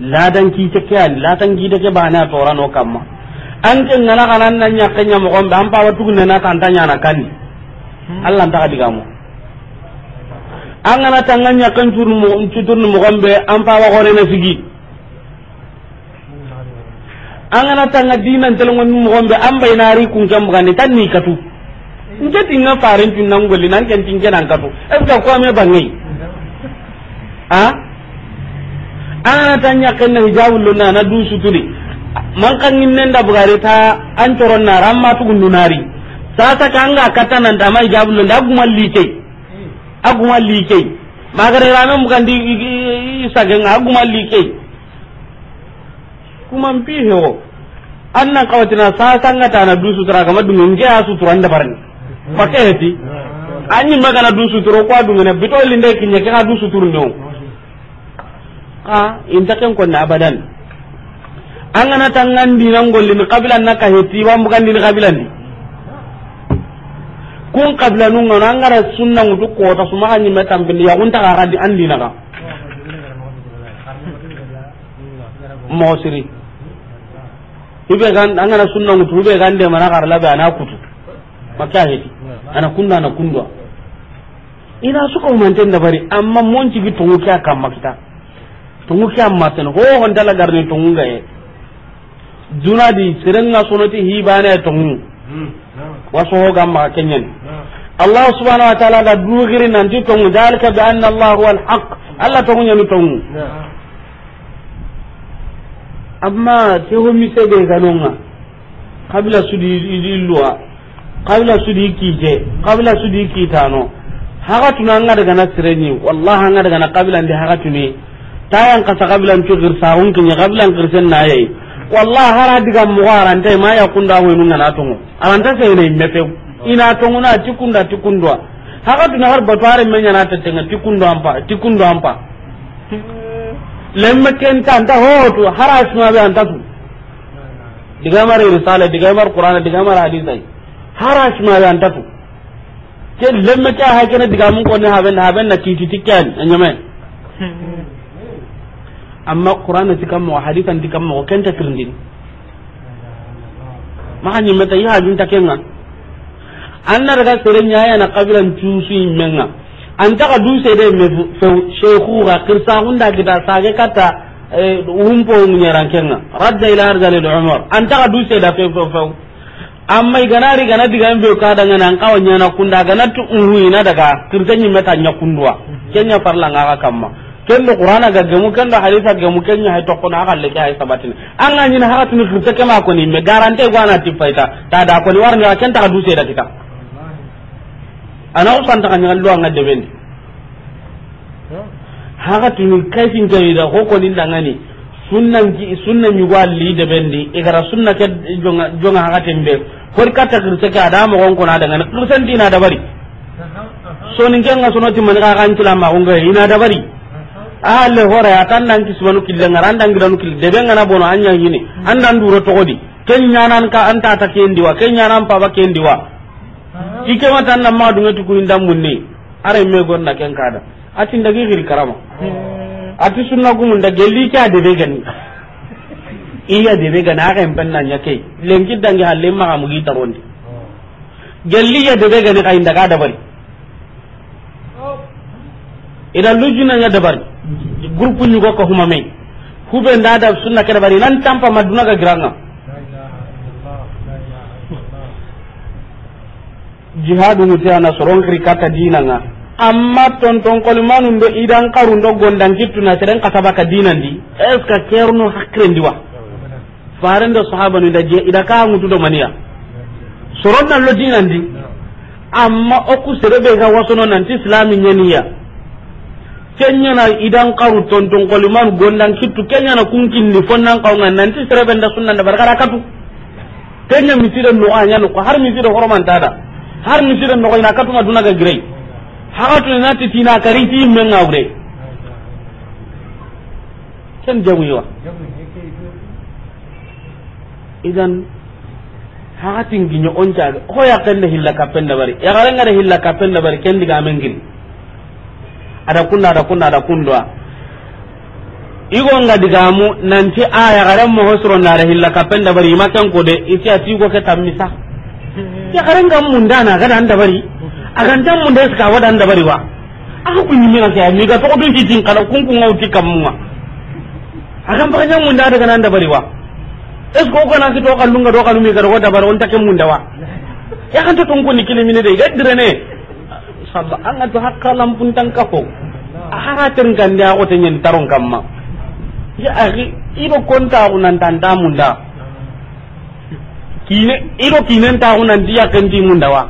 B: ladan ki je kyal ladan gi de ba na tora no kam ma an ken nana kanan nan hmm. nya ken nya mo gon ban pa watu na tan tanya na kanni allah ta diga mu an kana tangan nya kan tur mo tur mo gon be an pa wa gore na sigi an kana tanga dinan telon mo gon be an bai ri kun jam kam ni tan ni katu nke tinga farin tun nan golli nan ken tinga nan kato es ka que ko me bangi ha ana tanya kan na hijabul lona na du suturi man kan nin da bugare ta an toron na ramma tu sa ta kan ga kata nan da mai hijabul lona aguma like aguma like magare ramen kan di sagen aguma like kuma mpi hewo anna kawatina sa sangata na du sutura kama dungun ge asu sutura nda barni pake heti anyi magana du suturo kwa adu ngene bito linde kinya ka du suturu no a inta ken ko na abadan angana tangan dinan golli ni qabila na ka heti wa mugan din qabila ni kun qabila nun ngana ngara sunna ngutu ko ta suma anyi metam bin ya unta ka di andi na ka mosiri ibe kan angana sunna ngutu ibe kan de mana karla labe ana kutu makka heti ana kunna na kundwa ina suka umanten da bari amma mun ci bitu ko kya kam makita tungu amma tan ho hon dala garne tungu ga e duna di sunati serenga sonoti hibane tungu so ho gamma kenyen Allah subhanahu wa ta'ala da dugiri nan ti tungu dalika bi anna Allah huwa al-haq Allah tungu nyami tungu amma te ho mi se de ganonga kabila su di di iluwa qabila sudi kije qabila sudi kitano haka tuna an daga na sirenyi wallahi anga daga na kabila ndi haka tuni tayan kasa qabila ncu girsa hun kinya kabila na yayi wallahi har diga mu garanta ma ya kunda ho nun na tongo aranta sai ne mefe ina tongo na tikunda tikundwa haka tuna har batware menya na tatenga tikundwa ampa tikundwa ampa lemme kenta anta ho to har asma be anta su diga mari risala diga mar qur'ana diga mar hadisai harash ma yan tatu ke lemme ka ha kana diga mun ko ne haben haben na titi tikkan anyame amma qur'ana tikam mo hadithan tikam mo kenta mata yi meta ta hajun an anna daga serenya ya na kabilan tusu imenga an ka duse dai me shekhu ga kirsa hunda kita sage kata eh, umpo munyarankenga radda ila arzalil umar an ka duse da fe fe fe amma iganari gana diga mbe ka ngana nan kawa nyana kunda gana tu uhu ina daga kirtanyi meta nya kundwa kenya farla ngaka kamma kendo qur'ana ga gemu kenda haditha gemu kenya hay tokko na leke kay sabatin an ga nyina hakatu ni kirta kema ko ni me garante go na tifaita ta da ko ni warni kan ta duse da kita ana usan ta kanya lo ngade bendi hakatu ni kaisin jayida ko ko ni dangani sunnan ki sunnan yugo li de bendi igara sunna ke jonga jonga haga tembe kor kata kirse ka da mo gonkona da ngana kirsen dina da bari so nin ke nga sonoti man ka kan tula ma gonga ina da bari alle hore atan nan ki subanu kille ngara dan gidan kille de be ngana bono anya yini andan duro to godi ken nyanan ka anta ta ken diwa ken nyanan pa ba ken diwa ike mata nan ma dunga tuku indam munni are me gonna ken kada atin dagi giri karama hmm. ati sunna da gelli ke da be gani iya be gana a kan nan yake lenki dangi halle ma mu gita rondi gelli ya be gani bari daga dabari idan lujuna da bari grupu nyugo ko huma mai hube da sunna ke bari nan tampa maduna ga granga jihadu mutiana soron kri kata dinanga amma tonton kolmanu be idan karun do gondan jittu na seren kataba ka dinan di es ka kerno hakren diwa faran da sahaba ni da je ida ka ngutu do mania soron na lo dinan di amma oku serebe ga wasono nan ti islami nyaniya kenya na idan karu tonton manu gondan jittu kenya na kunkin ni fonnan kaunga nan ti serebe da sunnan da barkara katu kenya misira no anya no har misira horoman tada har misira no ina katuma dunaga grei hakatu na ti tina kari ti men ngawre ken jawi wa idan hakatin ginyo onca ko ya kan da hilla kapen da bari ya garan da hilla kapen da bari ken diga men gin ada kunna ada kunna ada kundwa igo nga digamu nanti aya ah, garan mo hosro na da hilla kapen da bari makan ko de isi ati go ke tammisa ya garan gam mundana garan da bari agantan mun da suka wadan da bari wa a kun yi mina sai ni ga to dun kitin kala kun kun auti a kan akan bakanyan mun da daga nan da bari wa es ko kana ki to kallun ga do kallu mi ga do da bari on take mun da wa ya kan ta tun kun ni kilimi ne dai dire ne sabba an ga to hakka lampun tan kafo a kan da o otin yin taron ma ya ari ido konta unan da mun da kine ido kinen ta unan diya kan di mun da wa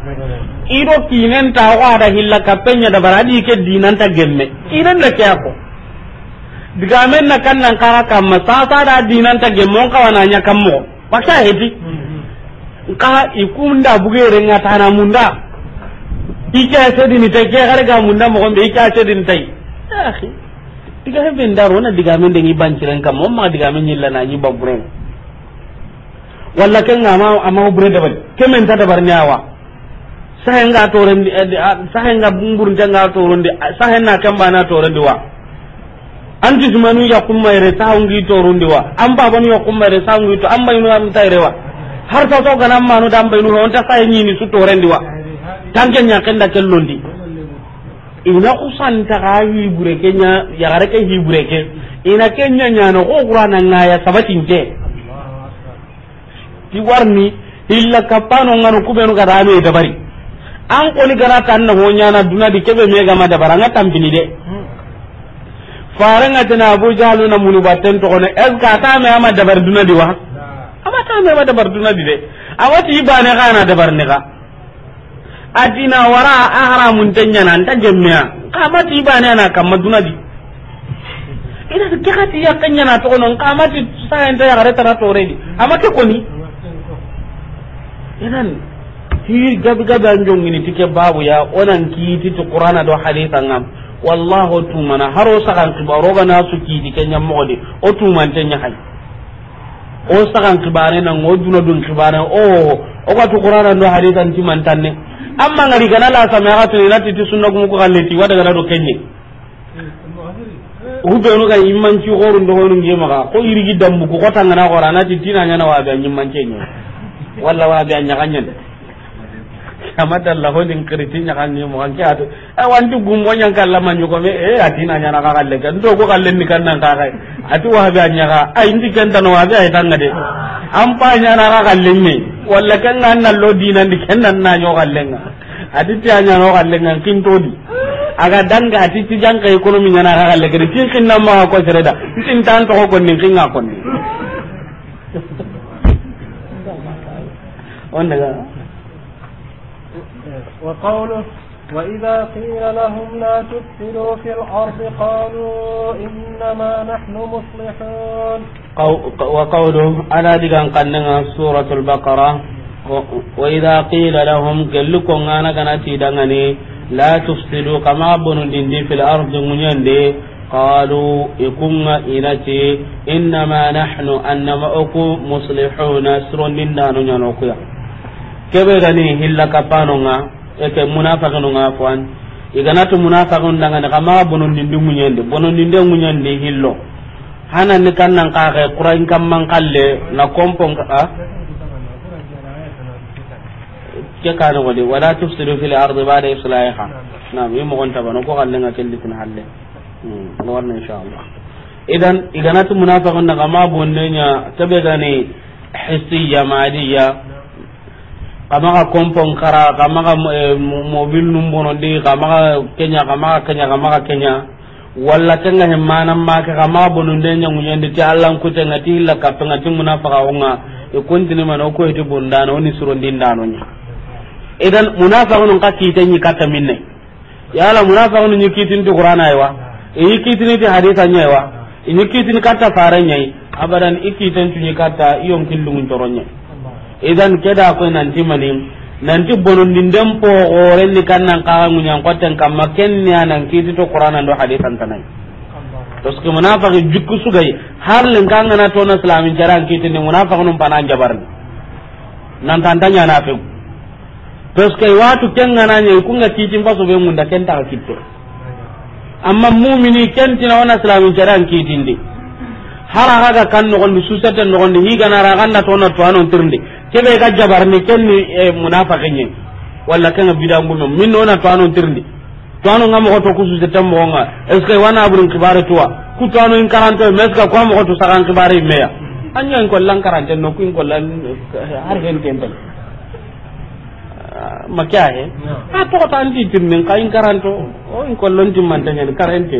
B: ido kinen ta ko ada hilla kapenya da baradi ke dinan ta gemme idan da kya ko diga men na kan nan kara kam sa sa da dinan ta gemme ko wana nya kam mo paksa hedi ka ikunda bugere nga tana munda ika se din ta ke har ga munda mo be ika se din tai akhi diga hebe daro na diga men de ngi banciran kam mo ma diga men yilla na nyi baburen walla ken ama ama bure da bal kemen ta da barnyawa sahen ga torendi sahen eh, ga bungur janga di ah, sahen ah, na kamba na di wa anti manu ya kuma ire toren di wa an baban ya kuma ire sahungi to an bayinu am tayre wa har ta to kana manu dan bayinu on ta sai ni su toren di wa tan tanke nya kenda londi ina ta ga hi bureke nya ya gare yi bure bureke ina kenya nya no ko qur'ana ya sabatin je ti warni illa kapano ngano kubenu garame dabari an koni gara tan na honya na duna di kebe me gama da baranga tambini de faranga tana abu jalu na munu batten to kone es ka ta me ama dabar duna di wa ama ta me ama dabar duna di de awati ibane da dabar ne ka adina wara mun tanya nan ta jemmiya kama ti ibane na kam duna di ina ke kati ya kanya na to non kama ti sa en ta ya gare ta na to redi ama ke koni inan ti gabgaban jongini tike babu ya onan kiti ti qur'ana do haditha ngam wallahu tumana haro sakan kibaro ga nasu kiti kenya modi o tuman tenya hay o sakan kibare nan o duna dun kibare o o ga to qur'ana do haditha ti man ne amma ngari kana la sama ga to ilati ti sunna gum ko galleti wada ga do kenye hubenu ga immanci horun do horun ngema ko irigi dambu ko tangana horana ti tinanya na wa ga immanci nyo walla wa ga nyaganya kamata la ho din kiriti nya kan ni mo kan kya e eh, wanti gumbo nya kan la manyu eh, ko me e atina nya na ka le kan do ko kan le ni kan nan ka kai ati wa ba nya ka ai ndi kan tan wa ba ai tan ngade am pa nya na ka kan le ni walla kan nan na lo dina ndi kan nan na nyo kan le nga ati ti nya no kan le nga kin to di aga danga ati ti ka ekonomi nya na ka kan le kan kin kin na ma ko da tin tan to ko ni kin nga ko ni on daga
A: وقوله وإذا قيل لهم لا تفسدوا في الأرض قالوا إنما نحن مصلحون
B: وقوله أنا دقان قلنا سورة البقرة وإذا قيل لهم قل لكم أنا قناتي دغني لا تفسدوا كما بنوا دندي في الأرض منيندي قالوا إكم إنتي إنما نحن أنما أكو مصلحون سرون دندان ينوكيا كبيرني هلا كبانونا eke munafiqun nga kwan igana to munafiqun daga ne kama bonon dindi munyende bonon dindi munyende hillo hanan ni kan ka ga qur'an kam man kalle na kompon ka ke kana wali wala tufsidu fil ardi ba'da islahiha na'am yimo gonta bano ko kalle nga kelli tin halle hmm warna insha Allah idan igana to munafiqun daga ma bonne nya tabe gane hissiya maliya kama ka kompon kara kama ka eh, mobil numbono di kama ka kenya kama ka kenya kama ka kenya wala tenga himana maka make kama bononde nyangu nyende ti allah ku tenga ti la ka penga ti munafaka onga e kontini man o ko eti bondano oni surondindano nya idan munafaka nun ka kitenyi kata minne la munafaka nun yikitin ti qur'ana aywa e yikitin ti haditha nya aywa e yikitin kata faranya abadan ikitin ti kata iyon killungun toronya idan keda ko nanti mani nanti bonondin den po oren ni kannan kaga munyan kwatten kamma ni anan kiti to qur'an do hadisan tanai to ski munafaqi jukku sugai har len kanga na to na salamin jaran kiti ni munafaq num panan ni nan tantanya na fe to ski watu ken na ku nga kiti mbaso be munda ta kitto amma mu'mini ken tinawana salamin jaran kiti ndi hara haga kan no gondi susata no gondi higa na raganda na na to anon tirndi kebe ga jabar ni ni e, munafiqin ni walla kan bidan gum min no na to anon tirndi to anon ngam ko to kusu seta mo nga eske wana aburun kibare tuwa ku to anon in karanto meska ko mo ko to sakan kibare meya anya ko lan karante no ku ko lan har hen tembe ah, makya he a ah, to ko tan di tirnin kayin karanto o in kollon timmanta ngani karante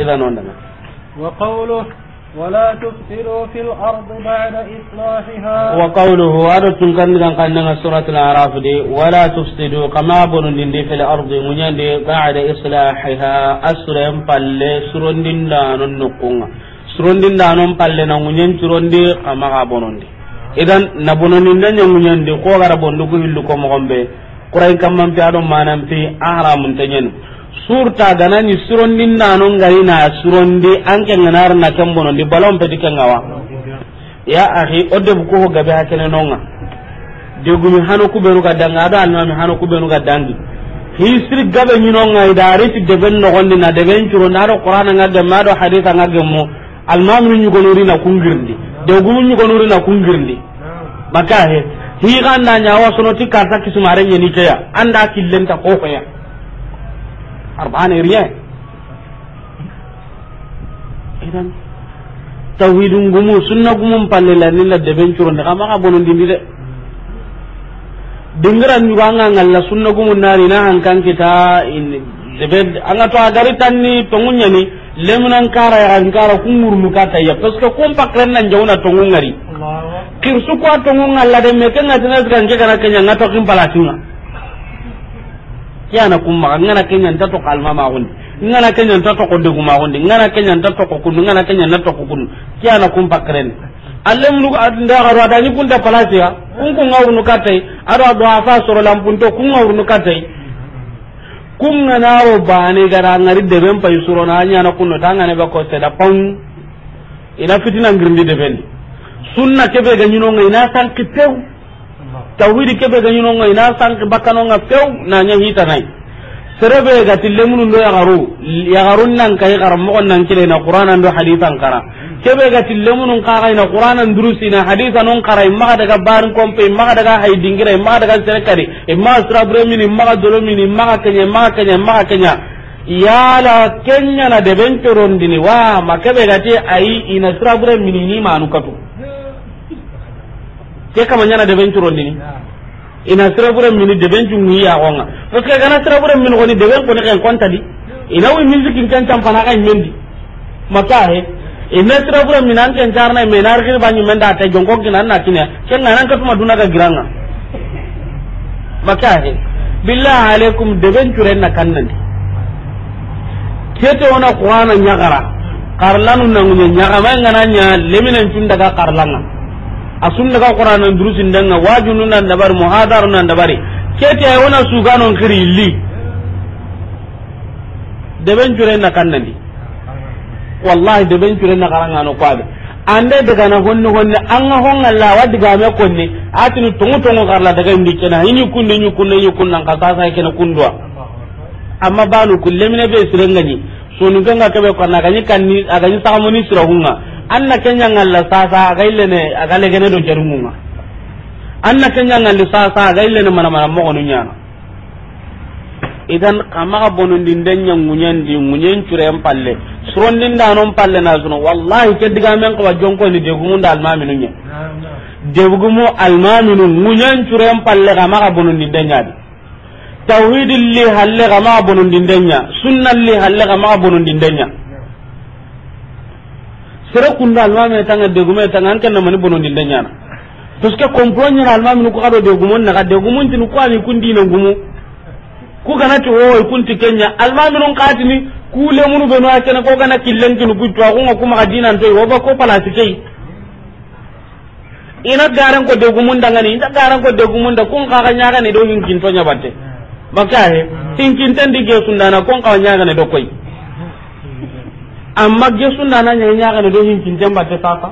B: ila non daga
A: وقوله ولا تفسدوا في الأرض بعد إصلاحها
B: وقوله هذا تنقل كان قلنا سورة الأعراف دي ولا تفسدوا كما بنن في الأرض من بعد إصلاحها أسرم فل سرندين دان النقوم سرندين دان فل نمونين سرندي كما بنن idan na bononin da nyamunyan de ko gara bondu ko hillu ko mo gombe kurai kam man fi adon manan fi ahramun tanyen surta ganani na non gari na surondi an ke nganar na kembono di balon dikan gawa ya ahi odde bu ko gabe hakene nonga de gumi hanu ku beru ga danga do alma mi hanu ku beru ga dangi hisri gabe ni nonga idari ti de ben no gonni na de ben turo na do qur'ana nga de ma do haditha nga gemmo alma mi ni gonuri na kungirndi de gumi ni gonuri na kungirndi maka he hi ganna nyawa sono ti ta kisumare ni ya anda killenta ko ko ya أربعان ريال إذا توحيد قمو سنة قمو مبالي لأننا دبين شرون نقام أقبلون دي بيدي dingiran yugo anga ngalla sunna gumu nari na hankan kita in debe anga to agari tanni tongunya ni lemnan kara ya kara kunguru kata ya parce que kon pakren nan jawna tongungari kirsu ko tongunga la de meke ngatina kan ke kana kenya ngato kim palatuna kiana kumma ngana kenya ntato kalma ma gundi ngana kenya ntato to kodde kuma gundi ngana kenya ntato to kokunu ngana kenya ntato to kokunu kiyana kumpa kren alle mulu adinda garo adani kunta palasia kun kun ngawru katai aro ado afa soro lampun to kun ngawru katai kun nganawo bani gara ngari deben pay soro na nya na kunno tanga ne ba ko da pon ina fitina ngirndi deben sunna kebe ga nyino ngai na san kiteu tawhid kebe ga ganyo ngoy na sank bakano nga few na nya hita sere be ga tille munu do ya garu ya garu nan kay gar mo nan kile na qur'ana do hadithan kara kebe ga tille munu ka ga na qur'ana durusi na hadithan on kara imma daga barin kompe imma daga hay dingire imma daga kare imma strabre mini imma dolo mini imma kenya imma kenya imma kenya yala kenya na deben dini wa makabe ti ayi ina strabre min ni manukatu katu ke kama nyana de ben turon ni ina sira bure mini de ben jungu ya gonga to ke gana sira bure mini goni de ben ko ne kan konta di ina wi music kin can tan pana kan mendi maka he ina sira bure mini an kan jarna me nar gir banyu menda ta jongo kin nan na kinya ken nan ka tuma dunaka giranga maka he billah alaikum de ben turen na ke to ona qur'ana nyagara karlanu nangunya nyagama ngana nya leminen tun daga karlanga asunna ka qur'anan durusin danga wajunun nan dabar muhadarun nan dabari kete ay wona sugano kiri li deben jure na kannandi wallahi deben jure na karanga no kwabe ande daga na honno honne anga honga la wadi ga me konni atinu tungu tungu karla daga indi kena hini kunni nyu kunni nyu kunna ka sasa e kena kundwa amma banu kullemine be sirangani sunu ganga kebe kwana ganyi kanni aganyi sahamuni sirahunga anna kenya ngalla sasa gaille ne agale gene do jarungunga anna kenya ngalli sasa gaille ne mana mana mo gonu nyana idan kamaga bonun dinden nyang nyangunyan di ngunyen cure palle suron dinda non palle na suno wallahi ke diga men ko jonko ni de gumun dal ma minun nya de gumu al ma minun ngunyen cure palle kamaga bonun dinden nyadi tawhidil li halle kamaga bonun dinden nya sunnal li halle kamaga bonun dinden nya sere kunda almame tanga degume tanga an na mani bonon dinda nyana parce que comprend ñira almame nu ko naka degumon naxa degumontini ku ani kun dina gumu ku ganati wowoy kunti kenya almame nun ni ku munu ɓenu a kene ko gana killenkini kuccuwaxunga kumaxa ku woba ko palasi key ina garan ko degumunda ngani ina garan ko degumunda kun ka nyaga ne do hinkin to nyabate maka he hinkin tan ge sundana kun kaga nyaga ne do koy amma ge sunna na nyanya nyaga ne do hin kin jamba de papa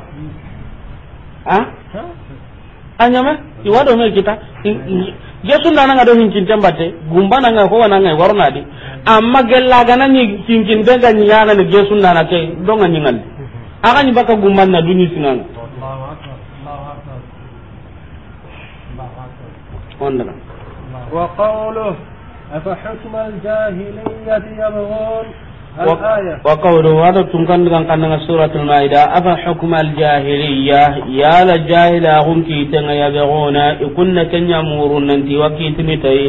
B: ha
C: ah?
B: anyame iwado me kita ge sunna na do hin kin jamba de gumba na nga ko wana nga warna di amma gella ga na ni kin kin de ga nyaga ne ge sunna na ke do nga ni ngal aga ni baka gumba na duni sinan ondana
A: wa qawluhu afa hukma al-jahiliyyati yabghun
B: وقوله هذا تنكن كان كان سورة المائدة أفا حكم الجاهلية يا لجاهلا هم كيتن يبغون يكن كن يمورون أنت متي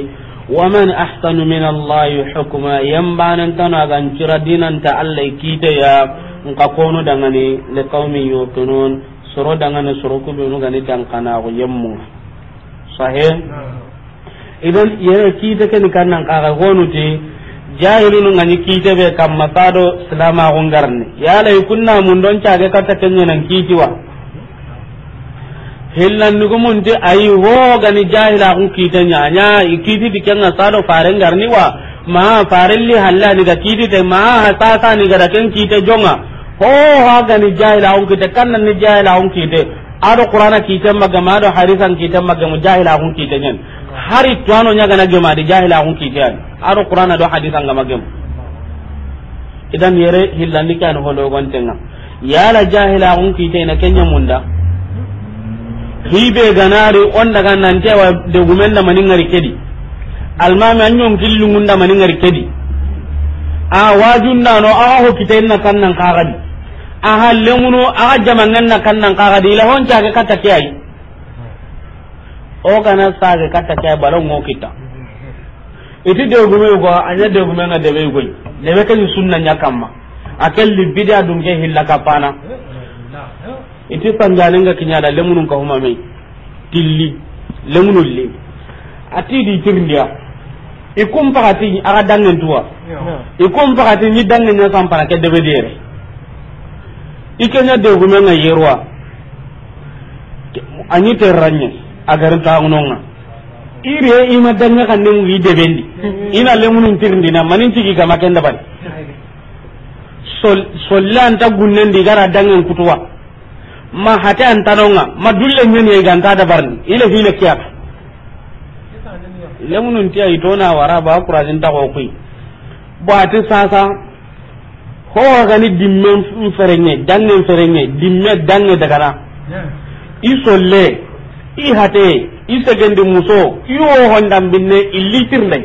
B: ومن أحسن من الله حكما ينبان أنت نغنشر دينا أنت علي كيتيا نقاكون دغني لقوم يوقنون سورة دغني سرو كبيرو غني دنقنا ويمو صحيح إذن يا كيتك نكنا نقاكونتي jahilunu ngani kiite be kam masado islama gongarne yala ikunna mun don caage kata kenya nan kitiwa hillan nugo mun te ayi ho gani jahila ku kiite nyanya ikiti dikenga sado fare ngarni wa ma farelli halla ni ga kiti te ma hasasa ni ga ken kiite jonga ho ha gani jahila kun kan nan ni jahila ku kiite ado qur'ana kite magama ado harisan kite magama jahila ku kiite nyen hari tuano nyaga na gema di jahil aku kijan aro qur'an do hadis angga magem idan yere hillandi kan holo gontenga yala aku kijan kitayna kenya munda hibe ganari on daga nan tewa de gumenda ngari kedi almami anyon killungunda ngari kedi a wajun dano a ho kitayna kannan kagadi a hallemuno a jamangan na kannan kagadi la hon jaga kata kiyai o kana sage kata kay bala ngo kita iti de gume anya de gume nga de de be sunna nya akel li bidia dum hilla iti nga kinya da lemunun ka huma mai tilli lemunul li ati di tirndia ikum pakati aga dangen tuwa ikum pakati ni dangen nya ke de be dire ikenya de gume nga yerwa anyi terranye agar taunonga ire ma danga kanne mu ide bendi ina le munun tirndina manin tigi ga makenda bari sol sollan ta gunnen di gara dangan kutuwa ma hata an tanonga ma dulle nyen ye ganta da barni ile file kiya le munun tiya na wara ba kurajin ta ko kui a ti sasa ho gani dimme ferenye dangen ferenye dimme da daga na isolle i hate i segendi muso i wo hondan binne illitir ndai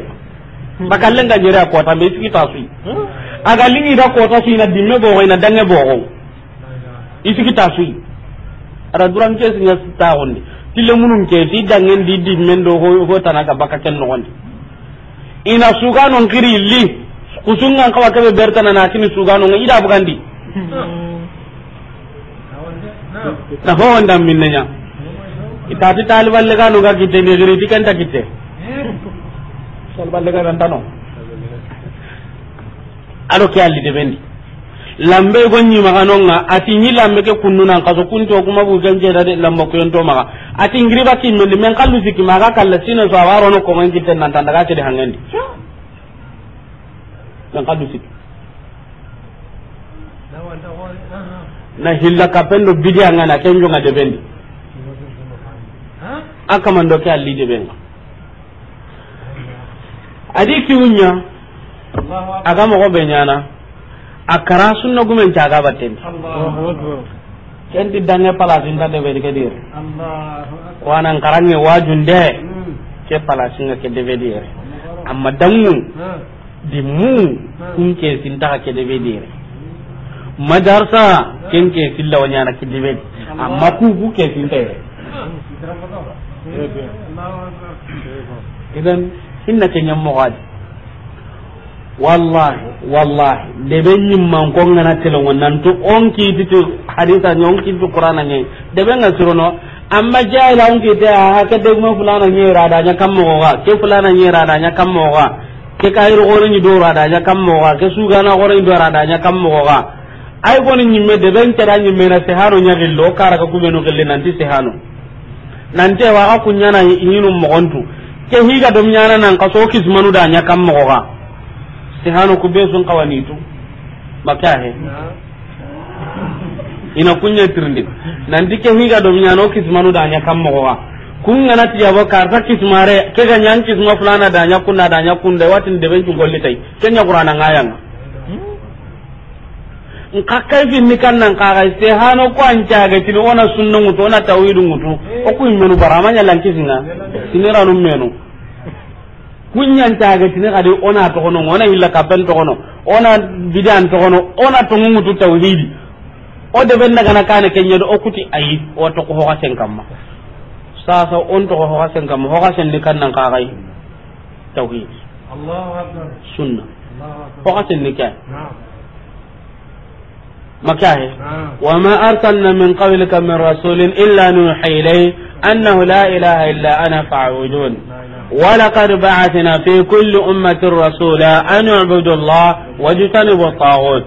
B: mbakallen jere ko ta me ta tasu aga lingi da kota su ina dimme bo ina dange bogo i sigi tasu ara duran ke sinya ta honni tille munun ke ti dangen di dimme do ho ho ka baka ken no honni ina non kiri illi kusunga kawa kebe bertana na kini suga non da bugandi na ho hondan minne nya itati taliballe ga nuga kitte ni giri tikanta kitte
A: taliballe ga nan tano
B: ado ke alli de bendi lambe gonni maga nonga ati nyi lambe ke kunnuna kaso kunto kuma bu ganje da de lamba ko yonto maga ati ngiri ba kin men men kallu siki maga kala sino so awaro no ko ngi tan nan daga te de hangendi men kallu siki na hilla kapendo bidia ngana kenjo ngade bendi aka man do ke alli de ben adi ki unya aga mo go be nyana akara sunna gumen ta ga batten kendi dange palasin ta de be ke dir wana karanye wajun de ke palasin ke de be dir amma dangu di mu kun ke sin ta ke de be dir madarsa ken ke silla wanya na ke de be amma ku ku ke sin ta idan inna kenyan mawadi wallahi wallahi da debe ñimman ko tilin wannan to on ki kiititi hadisa ne on ki kiititi qur'ana ne da debe nga sirono amma jahila on ki ta haka da mu fulana ne rada ñeeradaña kam wa ke fulana ne rada ñeeradaña kam wa ke ni kayir xoreñi doradaña kam wa ke su gana ni sugana xoreñi doradaña kam mogoga ay goni ñimme debe nkeɗa ñimmena sehano ñaxillo karaga kumenu xilli nanti sehano nan te wa ka kunyana yinu mogontu ke higa dom nyana nan ka so kismanu da nya kam be sun maka he ina dom kismanu da kam tiya bo karta kismare kisma fulana da kunna da kunde watin ngayanga ni kan nan kakai se hano ko an caga tin ona sunna mutu ona tawhidu ngutu eh. o ku menu barama nya lanki singa tini ranu menu kunyan tin tini kadi ona to kono ona ka kapen to kono ona bidan to kono ona to ngutu tawhidi o de ben daga na kana kenya do kuti ayi o to ko hoka sen kamma sa on to ko hoka sen kamma hoka sen ni kannan yi tawhid
A: Allahu akbar
B: sunna hoka sen ni ka na'am مكاهي آه. وما أرسلنا من قبلك من رسول إلا نوحي إليه أنه لا إله إلا أنا فاعبدون ولقد بعثنا في كل أمة رسولا أن اعبدوا الله واجتنبوا الطاغوت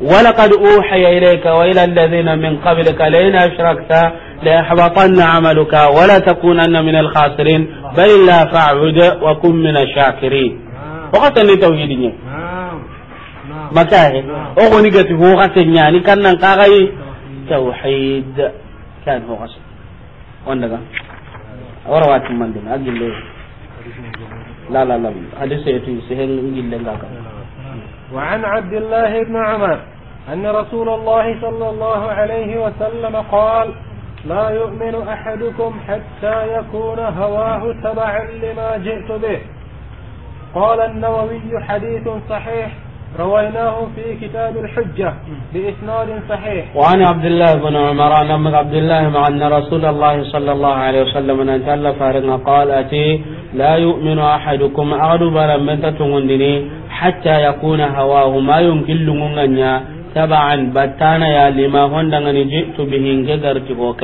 B: ولقد أوحي إليك وإلى الذين من قبلك لئن أشركت ليحبطن عملك ولا تكونن من الخاسرين بل الله فاعبد وكن من الشاكرين آه. وقت توحيدين
C: آه. makahe o goni
B: gati ho gase nyani kan nan ka gai tauhid kan ho gase on daga awara لا لا لا حديث يتي سهل نجيل لنغاكا
A: وعن عبد الله بن عمر أن رسول الله صلى الله عليه وسلم قال لا يؤمن أحدكم حتى يكون هواه تبعا لما جئت به قال النووي حديث صحيح رويناه في كتاب الحجة بإسناد صحيح وعن عبد
B: الله بن عمر عن عبد الله مع أن رسول الله صلى الله عليه وسلم أن تألف قال أتي لا يؤمن أحدكم من برمتة حتى يكون هواه ما يمكن لغنيا تبعا بتانا يا لما هندغني جئت به انجدرت تبو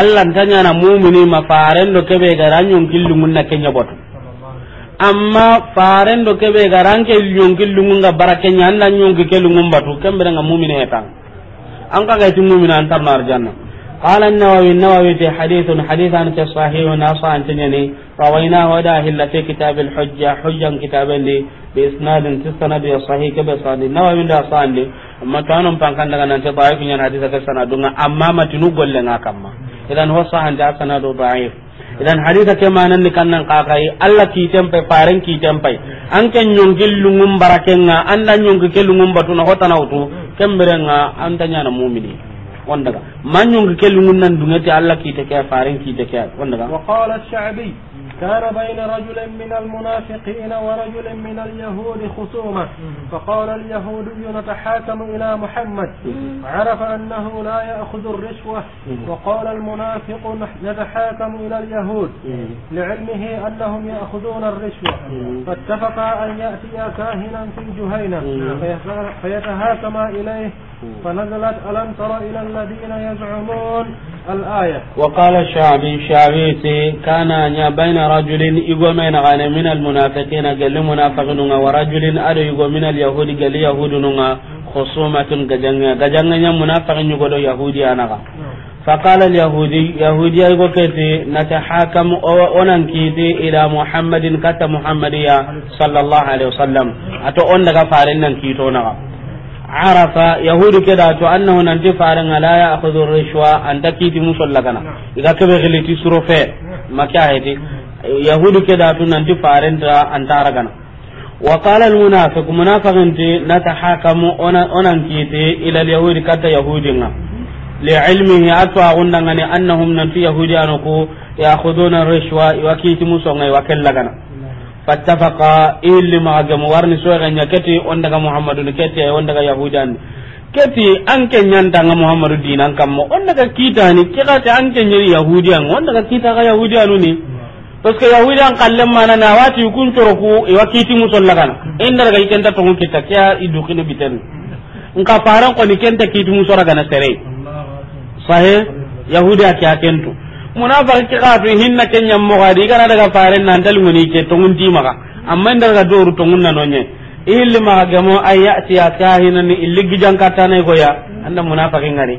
B: Allah ألا na mumini mafaren do kebe أن yun killu munna amma faren do kebe garan ke nyongi lungun ga barake nyan na nyongi ke lungun batu kembere nga mumin eta an ka ga ti mumin an tan marjana qala an-nawawi an-nawawi ti hadithun hadithan ta sahih wa nasa an tinani rawayna wa da hilla ti kitab al-hujja hujjan kitaban li bi isnadin ti sanad ya sahih ke basani nawawi da sanli amma to anan pankan daga nan ta bayu nyan hadisa ka sanadun amma matinu golle nga kamma idan wasa an da sanadu da'if idan hadisa ke manan ni kannan kakai Allah ki tempe paren ki tempe an ken nyongil lungum barakenga anda nyongi ke lungum batuna hota na utu an anda nyana mu'mini wanda man nyon ke lungun nan dungati Allah ki te ke paren ki te ke wanda wa qala ash-sha'bi
A: كان بين رجل من المنافقين ورجل من اليهود خصومة فقال اليهودي نتحاكم إلى محمد عرف أنه لا يأخذ الرشوة وقال المنافق نتحاكم إلى اليهود لعلمه أنهم يأخذون الرشوة فاتفقا أن يأتيا كاهنا في جهينة فيتهاكما إليه فنزلت ألم تر إلى الذين يزعمون الآية
B: وقال الشعبي الشعبي كان بين رجل igome من min من المنافقين قال المنافقون ورجل ado igo من اليهود قال yahudinunga khusumatun gajanga gajanga nya يقول yugo do yahudi anaga فقال اليهودي يهودي يقولتي نتحاكم وننكيتي إلى محمد كت محمدية صلى الله عليه وسلم أتو أنك فارن ننكيتونا عرف يهود كده تو أنه ننتفع فارن لا يأخذ الرشوة أن تكيتي مصلقنا إذا كبه غلتي سروفه ما كاهدي yahudu ke datu nanti farenta antara gana wa qala al munafiq munafiqun ti natahakamu onan kiti ila al yahudi kata yahudina li ilmihi atwa gundanga ni annahum nanti yahudi anoko yakhuduna rishwa wa kiti musonga wa kellagana fattafaqa illi magamu warni soeganya keti ondaga muhammadun keti ondaga yahudan keti anke nyanda tanga muhammadu dinan kammo ondaga kitani kikati an kenyan yahudiyan ondaga kita ka yahudianu ni parce que yahudi an kallan mana na wati kun toro ku e wakiti musol lagan inda daga ta to kita kya idu kini biten in ka faran ko nikenta kiti musora gana sare sahe yahudi a kya kento munafiki ke ka to hinna kenya mo gadi kana daga faran nan dal muni ke to di maka amma inda daga doru to ngunna nonye illi ma mo ayati ya kahinan illi gijan katane goya anda munafiki ngani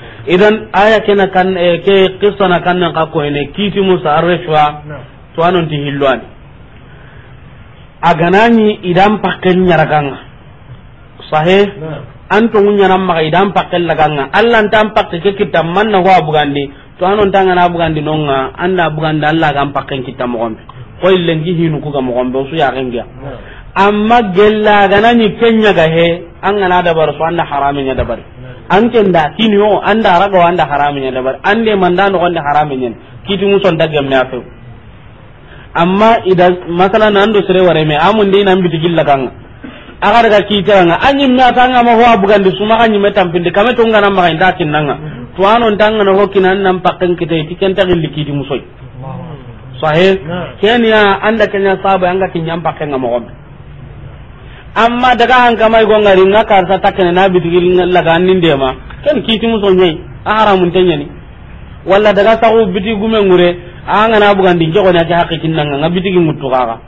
B: idan aya kena kan eh, ke qissa na kan nan kako ene kiti musa arreshwa to anon ti hilwan aganani idan pakken nyaraganga sahe an to munya nan maka idan pakken laganga allah tan pakke ke kitam man na wa bugandi to anon tanga na bugandi nonga anda bugandi allah kan pakken kitam mo koy lengi hinu ko ga mo su ya gangia amma gella ganani kenya ga he an gana da bar so anna haramin ya da bari an ken da kinyo an da raga an wanda haramin da bar an de manda no wanda haramin kiti muson daga me afi amma idan masala nan do sire ware me amun de nan bitigil la kan aga daga kitara nga anyi me atanga ma ho abugan de suma kanyi metam pindi kame to ngana ma inda kinanga to anon tanga no hokinan nan pakkan kitai tiken ta gilli kiti musoi sahe kenya anda kenya sabo anga kinyam pakkan ngamo amma daga hankamai gongari na karsa take na bitigil laga de ma ken kiti muso sonye a haramun ni walla daga sagu biti gume ngure an ngana bugan di ko na ta hakikin nan nga bitigi mutu kaka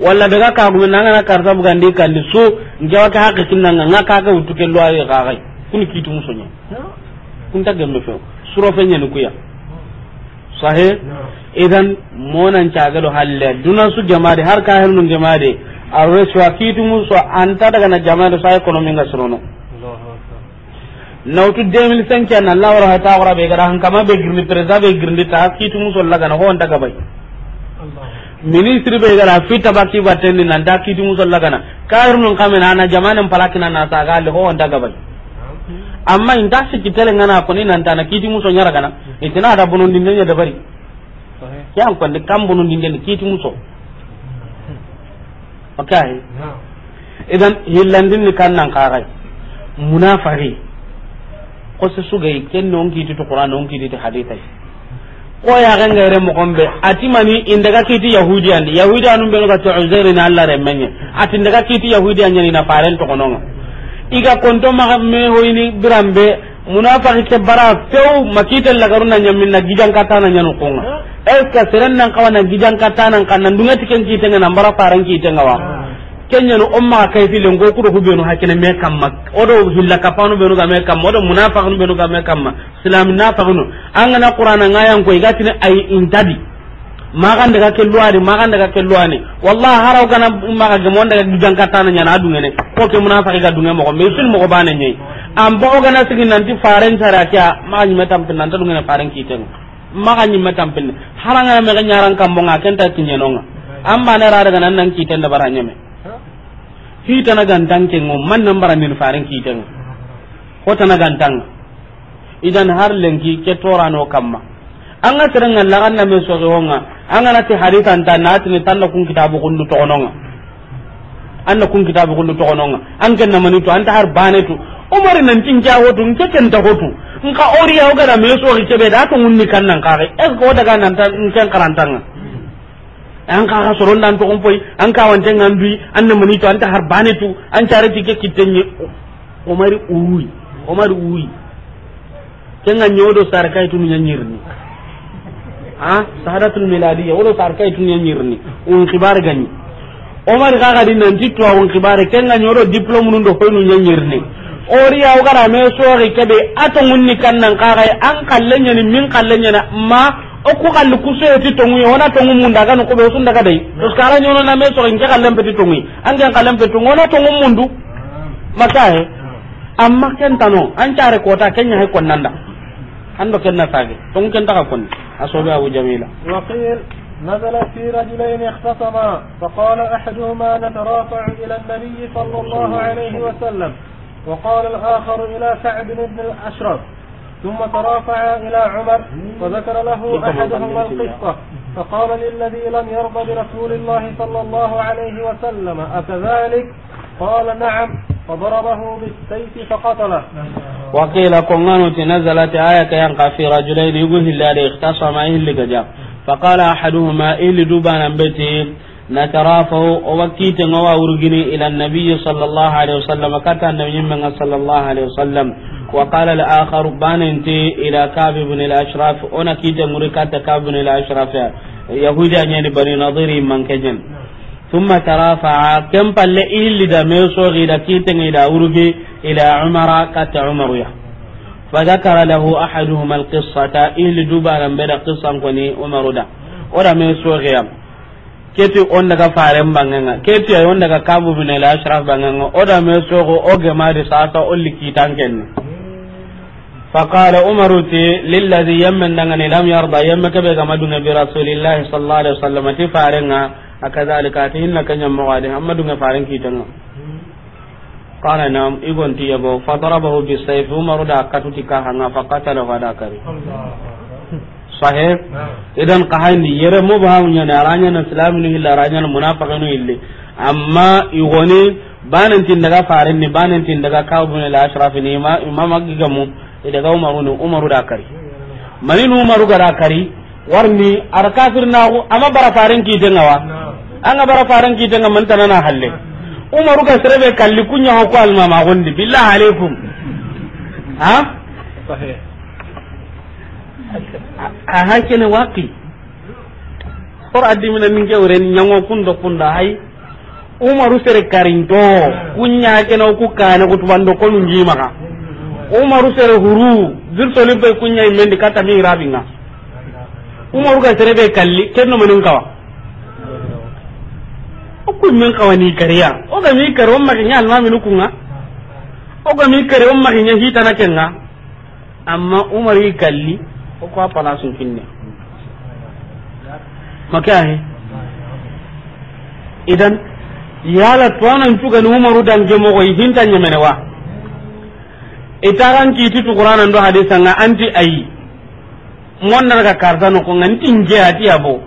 B: walla daga ka gume nan na karsa bugan di kan su ngewa ka hakikin nan nga ka ka utu ke loye kaka kun kiti muso sonye kun ta gembe fe suro fe ku ya sahe idan monan cagalo halle dunan su jama'a har ka hernun jama'a arwe suwa kiti mun so anta daga na jama'a da sai ekonomi ga sunono nautu demil ke na lawar ha ta wara be gara han kama be girni preza be girni ta kiti mun so laga na ho anta gabai ministri be gara fita baki batendi na da kiti mun so laga na kayar mun kame na na jama'an palakina na ta ga le ho anta gabai amma inta sikitele ngana ko ni nan ta na kiti mun nyara gana hmm. itina da bunun dinne da bari yan kwande kam bunun dinne kiti mun fakai idan hillandin ni kan nan kagai munafari ko su sugai ken non kiti to qur'an non kiti hadithai ko ya ga ngare mo kombe atimani indaga kiti yahudi andi yahudi anum be ga to uzair na allah remenye atindaga kiti na iga konto me birambe munafaqi ke bara few makite lagaruna ñamminna gijankatana ñanu konga est ce eska seren nan kawana kata nan kan nan dungati ken kitenga nan bara paran kitenga wa kenyanu on maga kayti len go hubi no hakina me kam kamma odo hilla kapanu be no ga me kamma odo be no ga me kamma islam nafaqinu na qur'ana ngayan ko igatine ay intadi magan daga ke kelluani magan daga ke kelluani wallahi haraw kana maga gemon daga gijankatana nyana ne ko ke munafaqi ga dunga mo ko me sun mo ko bane nyai am ba ogana sigi ti faren sarakia ma ni metam pinan tan ngene faren kiten ma ga ni metam pin haranga me ga nyaran kambo nga kenta tinyenonga amma na rada ganan nan kiten da baranya me hita na gantang ke ngom man nan baran min faren kiten ko ta na gantang idan har lenki ke torano kamma an ga tiranga lagan na me so gonga an ga na ti haritan tan na ti tan kun kitabu kun to gononga an na kun kitabu kun to gononga an kan na an ta har banetu umar nan tin ja hotu nke ken ta hotu nka ori ya ga da me so ri kebe da to munni kan nan kare e ko daga nan tan ken karantan an ka ha soron nan to on poi an ka wanten an bi an na muni to an ta har bane tu an tare ti ke ni umar uyi umar uyi ken nan yodo sar kai tu nyirni ha sahadatul miladiyya wala sar kai tu nyirni un kibar gani umar ka ga nan ti to un kibar ken nan yodo diploma nun do ko nun nyirni ori ya ugara me so ri kebe atun munni kannan kare an kallenya ni min kallenya na ma o oku kalli kusoyeti tonguye wona tongu mun daga no ko be sun daga dai to parce que arañonona me soori nke kallen peti tonguye an ken kallen peti tongu na tongu mundu makaye amma ken tano an care kota kenñahe konnanda an do ken na tage tongu ken ta kentaxa konni a soobe abou jamila
A: نزل في رجلين اختصما فقال احدهما نترافع الى النبي صلى الله عليه وسلم وقال الآخر إلى سعد بن الأشرف ثم ترافع إلى عمر فذكر له أحدهما القصة فقال للذي لم يرضى برسول الله صلى الله عليه وسلم أكذلك قال نعم فضربه بالسيف فقتله
B: وقيل قنانوت نزلت آية ينقى في رجلين يقول الله اختصما إهل فقال أحدهما إلي دوبانا بيتي nakarafahu owa kiite nga wa wurgini ila nabiyi sallallahu alaihi wasallam kata nabiyi menga sallallahu alaihi wasallam wa qala al-akharu bananti ila kab ibn al-ashraf ona kiite nguri kata kab ibn al-ashraf yahudi anyani bani nadiri mankajan thumma tarafa'a kam palle illi da me so gida kiite nga da wurgi ila umara kata umaru ya fa dhakara lahu ahaduhuma al-qissata illi dubaran bada qissan kwani umaru da ora me so gida keti on daga faren banganga keti ay on daga kabu bin al ashraf o oda me sogo o gemari sata o tanken fa qala umaru ti ladhi yamman dangani lam yarda yamma be ga madu nabi rasulillah sallallahu alaihi wasallam ti farenga akazalika ti inna wa mawadi amadu ga faren tan qala nam igon ti yabo fadarabahu bi sayfi umaru da katuti ka hanga qatala wa da kari allah sahe idan ka qahani yere mubham nyana aranya na ni illa aranya na ni illa amma igoni banan tin daga farin ni banan tin daga ni al ashraf ni ma imam agigamu idaga umaru ni umaru da kari manin umaru ga kari warni arkafir na amma bara farin ki wa an ga bara farin ki dinga mun tanana halle umaru ga sirabe kalli kunya ko almama gondi billahi alaikum ha sahih a hakene waqi kor adimina mina min jawren nyango kundo kunda hay umaru sere karinto kunya kene ku kana ku tubando ko ngi maka umaru sere huru zirto libe kunya imendi kata mi rabinga umaru ga sere be kalli kenno manun kawa ku min kawa ni kariya o ga mi karo ma ga kinya alma minu kunga o ga mi karo ma kinya hitana kenga amma umaru kalli ko ko pala sun kinne maka he idan yala tuwana cuga ni umaru dan jemo ko hinta nyemene wa itaran ki titu qur'anan do hadisa nga anti ayi mon daga karta no ko ngan tinje ati abo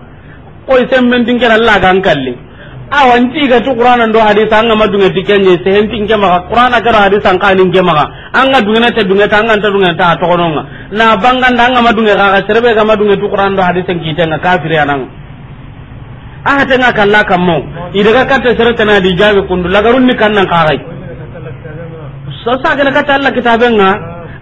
B: ko semben tingera laga ngalle awan ti ga tu qur'anan do hadis an ga madunga dikenye se hentin ke maka qur'ana gara hadis an kanin ke maka an ga dunga te dunga ta an ga ta dunga ta to kono nga na bangan da an ga madunga ga ga serbe ga madunga tu qur'an do hadis ki ah, te nga kafiri anan a hata nga kalla kam mo idaga kata serta na di jabe kundu lagarun ni kannan ka gai sasa ga kata Allah kitaben nga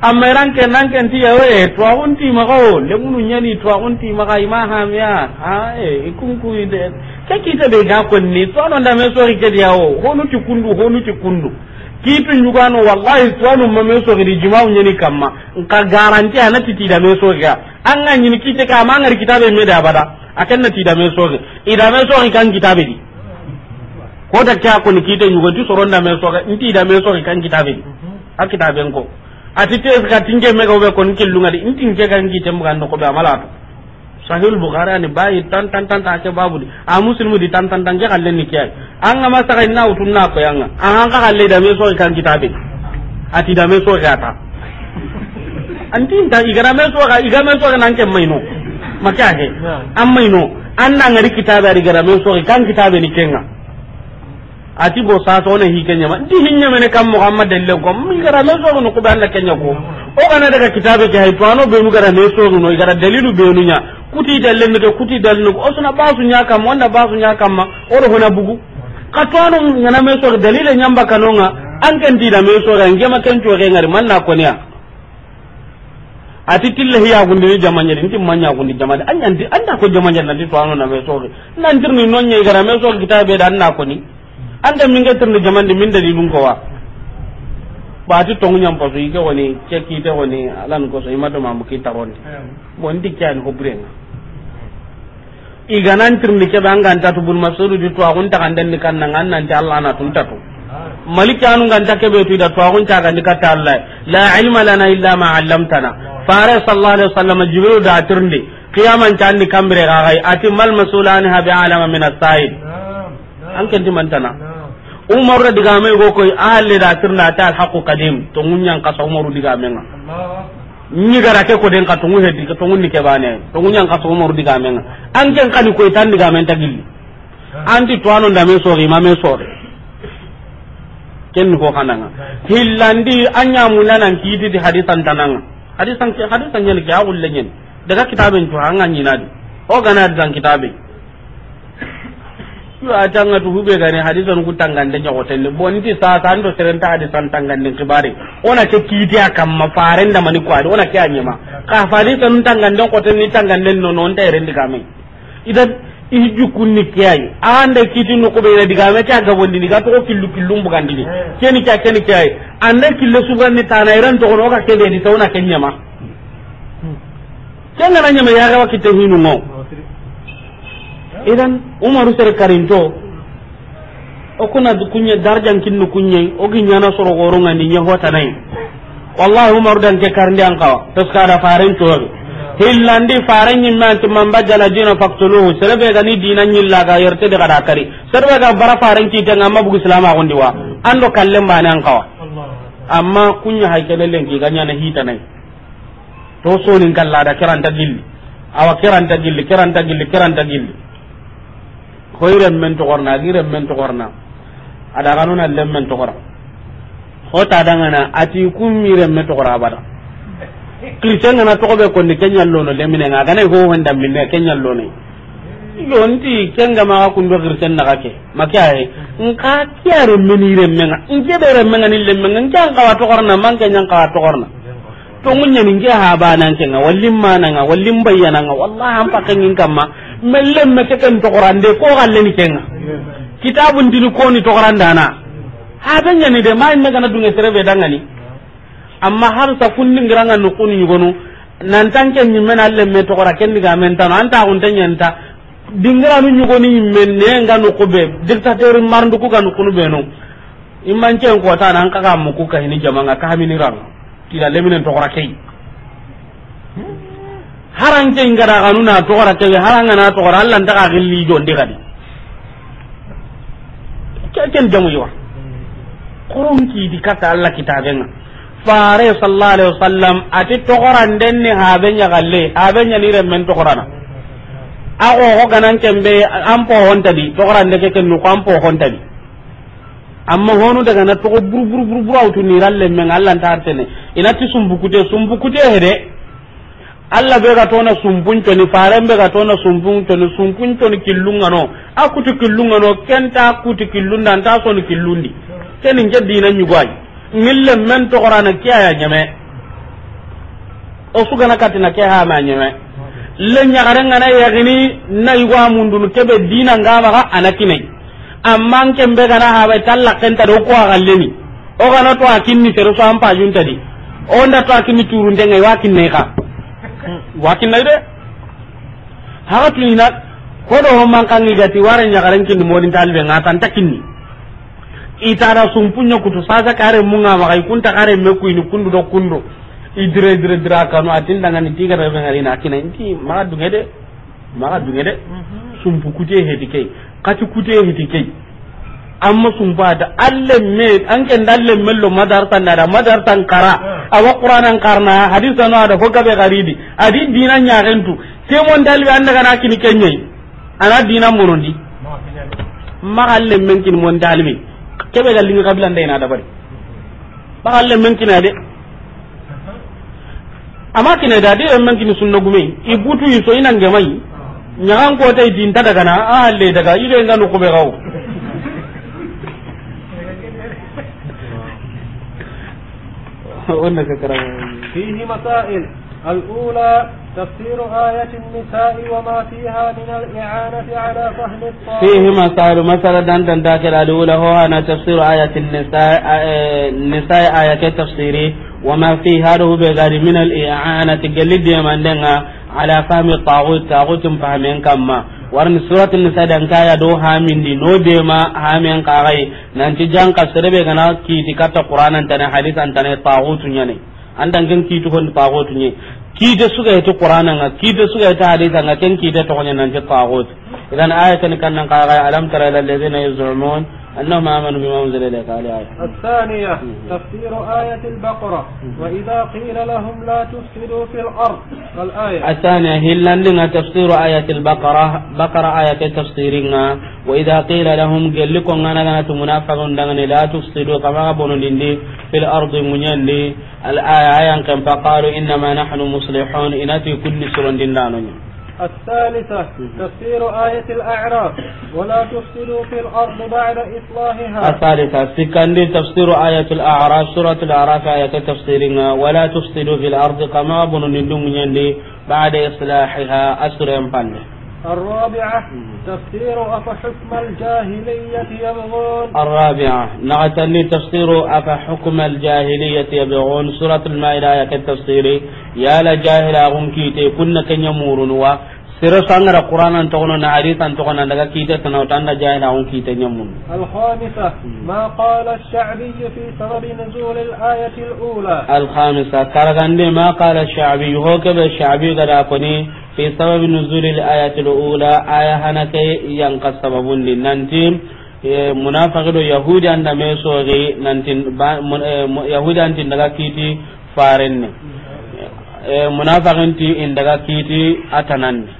B: amma ran ke nan ke ti we to unti mako le munu nyani to unti maka ima ha miya a e ikunku ide ke kita be ga kunni to no da me sori ke diawo honu ti kundu honu ti kundu kitu nyugano wallahi ma mame sori di jima'u nyini kamma nka garanti ana titi da me sori ga an ga nyini kite ka ma ngari kitabe me da bada akan na tida me so ga ida me sori kan kitabe di ko da ka kunni ni kite nyugo tu soron da me sori ga nti da me sori kan kitabe di a kitabe ko ati te ka tinge me ga be kon kilunga di nti nge kan kitabe mu kan no ko be amala sahihul bukhari ani bayi tan tan tan ta ke babu di a muslimu di tan tan tan ke halle ni kiyai an ga masaka na tun na ko yanga an ga halle da me so kan kitabe ati da me so ga ta anti ta igara me so ga igara me so ga nan ke no maka he an maino an na ngari kitabe ari gara me so kan kitabe ni kenga ati bo sa to ne hikenya ma di hinya mene kam muhammad dalle ko mi gara me so no ko ban Allah kenya ko o kana daga kitabe ke hay to ano be mu gara me so no igara dalilu be nunya kuti dallenni ke kuti o ko ba basu nya kam wanda basu nya kam ma oro hona bugu katwanu ngana meso dalile nyamba kanonga an kan dida so ga ngema kan to ga ngari na ko ne ati tilla hiya gundi ni jamanya ni timanya gundi jamanya an yanti da ko jamanya nan to anu na meso ga nan tirni nonye gara meso be da na ko ni an min ga tirni jamandi da di dun ko wa ba ti tongu nyam yi ike woni cekite woni alan ko so imato mamu kita woni mo ndi kyan ko brenga iganan tirni ke banga anta tu bun masudu di tuwa kun takan ni kan nan an nan Allah na tun ta tatu maliki anu gan ta kebe tu da tuwa kun ta gan dikata Allah la ilma lana illa ma 'allamtana fare sallallahu alaihi wasallam jibril da tirni qiyaman ta ni kambire ga gai ati mal masulani ha bi alama min as-sa'id an kan dimantana umaru diga mai go koy ahalle da tirna ta al-haqu qadim to munyan kasa umaru diga menga ni gara ke ko den ka tungu heddi ka tungu ni ke bane tungu nyang ka tungu murdi ga men an ken kan ko itan diga men tagilli anti to anon da men so ri ma men sori ken ko kananga hillandi anya munana kidi di hadisan tananga hadisan ke hadisan nyel ga lenyen daga kitaben to an anyi nadi o gana dan kitaben a tanga tu hube gani hadisan ku tangande nyagotelle bon ti sa tan do serenta hadisan tangande kibare ona ke kiti akam ma faren da mani kwadi ona ke anyema ka fani tan tangande ko tan ni tangande no non da rendi kame idan iju kunni kiyai anda kiti no ko be rendi kame ta ga bondi ni ga to killu killu mbugandi eh. ni keni ta keni kiyai ande killu sugan ni tanairan to ko ka kede ni tawna kenyama hmm. kenga nanya me yaga wakite hinu ngo idan umaru ser karinto okuna kuna kunya darjan kinnu kunye o ginyana soro goronga ni nya hota nay wallahi umaru dan ke karndi an kawa to ska da faren to hillandi faren nyin man to mamba jala jina faktuluhu serbe ga ni dinan nyilla ga yerte de kada kari serbe ga bara faren ki tanga mabu islama gondi diwa ando kallem bana nan kawa amma kunya haikele lenki ganya na hita nay to so nin kallada kiranta gilli awa kiranta gilli kiranta gilli kiranta gilli koyren men to gorna giren men to gorna ada kanuna lemmen to ta hota na ati kummiren men to gorna abada christian ngana to be konni kenyal lono lemine nga gane ho wanda minne kenyal lono lonti kenga ma ndo kristen na kake makaye nka kiyare menire menga njebere menga ni lemenga njan kawa to gorna man kenya kawa to gorna to munya ni nge ha bana nkenga wallim mananga wallim bayyana nga wallahi am pakan ngin kama. mellem mete ken de ko ni kenga kitabun dini koni togorandana haɓeñani de ma na gana dunge serebe dangani amma har sa kunningirangan no men ñugonu me ke ken ni ga men tan anta xunte ñanta dingiranu ñugoni ñimmen neenga nukuɓe dictateur marnduku ga nukunuɓe no ku kotana an jama'a ka kahini jamanga kahaminiranga tila leminen togora kai haranke ngada ganu na togora ke haranga na togora Allah nda ga gilli jondi gadi ken jamu yiwa qurun ki di kata Allah kitabena fare sallallahu alaihi wasallam ati togora ndenni ha benya galle ha benya ni remmen togora na ako ho ganan kembe ampo honta di togora ndeke ken nu ampo honta di amma honu daga na to buru buru buru buru autu ni ralle men Allah ta artene inati sumbukute sumbukute hede allah be ga tona to ni faran be ga tona sumpun coni sumpun coni killungano akutu kuti killungano kenta kuti killundi anta soni killundi ken ke dina ñugoay ngille men togorana kiya ya nyame o su kati katina ke hama ñeme le ñagarengana yagini na yigoa mundunu keɓe dina ngamaga ana kinai amma n kembe gana haɓa talla kenta do ko axalleni o gana to a kinni sereso an pajuntadi o nda to a kinni curuntenga wa ne xa wakin wakinna de haga na ko do ho man kan igati wara ya garan kin modin talbe ita takinni itara punya kutu sa sasa kare nga kai kun ta kare me ku ni kundu do kundu idire idire dira kanu atin da ngani iti kare ngari na kina inti maga dungede maga dungede kutie mhm. kute hedike kati kute hedike masu ba da allen me an ken allen mello tan da tan kara hmm. awa qur'anan karna hadisa no da hoga be garidi adi dina nya rentu ke mon an daga kana kini kenye ana dina murundi
C: hmm.
B: ma allen men kin mon dalbe kebe galinga kabila ndai na hmm. da bari ba allen men kin ade amma kin da dai men kin sunna gume ibutu so ina ngemai nyaan ko tay din ta daga na alle daga ire nganu ko be gawo
A: قلنا فيه مسائل الأولى تفسير آية النساء وما فيها من الإعانة على فهم الطاغوت فيه مسائل
B: مثلا دندن داخل الأولى هو أنا تفسير آية النساء النساء آية تفسيري وما فيها له بغير من الإعانة قلد يمندنا على فهم الطاغوت طاغوت فهمين كما warni surati nisa dan kaya do di no dema nan ti jang ka serebe gana ti kata qur'anan tane an tane tagutu nyane andan ken kiti hon tagutu nye kite suga ita qur'anan ga kite suga ta hadis ga ken kite to ti tagut idan ayatan kan nan kagai alam tara ladzina ladina yuzumun أنهم آمنوا بما أنزل إليك آية
A: الثانية تفسير آية البقرة وإذا قيل لهم لا تفسدوا في الأرض الآية
B: الثانية هي لنا تفسير آية البقرة بقرة آية تفسيرنا وإذا قيل لهم قل لكم أنا أنا تمنافقون لا تفسدوا كما قبلوا لندي في الأرض منيلي الآية آية كم فقالوا إنما نحن مصلحون في كل سر دانوني
A: الثالثة تفسير آية الأعراف ولا تفسدوا في الأرض بعد إصلاحها
B: الثالثة سكندي تفسير آية الأعراف سورة الأعراف آية تفسيرنا ولا تفسدوا في الأرض كما بن الدنيا بعد إصلاحها أسر ينبني
A: الرابعة تفسير أفحكم الجاهلية يبغون
B: الرابعة نعتني تفسير أفحكم الجاهلية يبغون سورة المائدة آية التفسير يا لجاهل أغنكيتي كنا كن يمورون sere sangara qur'anan togono na hadisan togono daga kite tana tanda jayna on kite nyamun
A: al khamisa ma qala ash-sha'bi fi sabab nuzul al ayati al ula
B: al khamisa karagande ma qala ash-sha'bi ho ke be sha'bi gada ko ni fi sabab nuzul al ayati al ula aya hanake yang ka sababun din nanti eh, munafiqu yahudi anda me soori nanti eh, yahudi anti daga kiti farenne mm-hmm. eh, munafiqanti indaga kiti atananni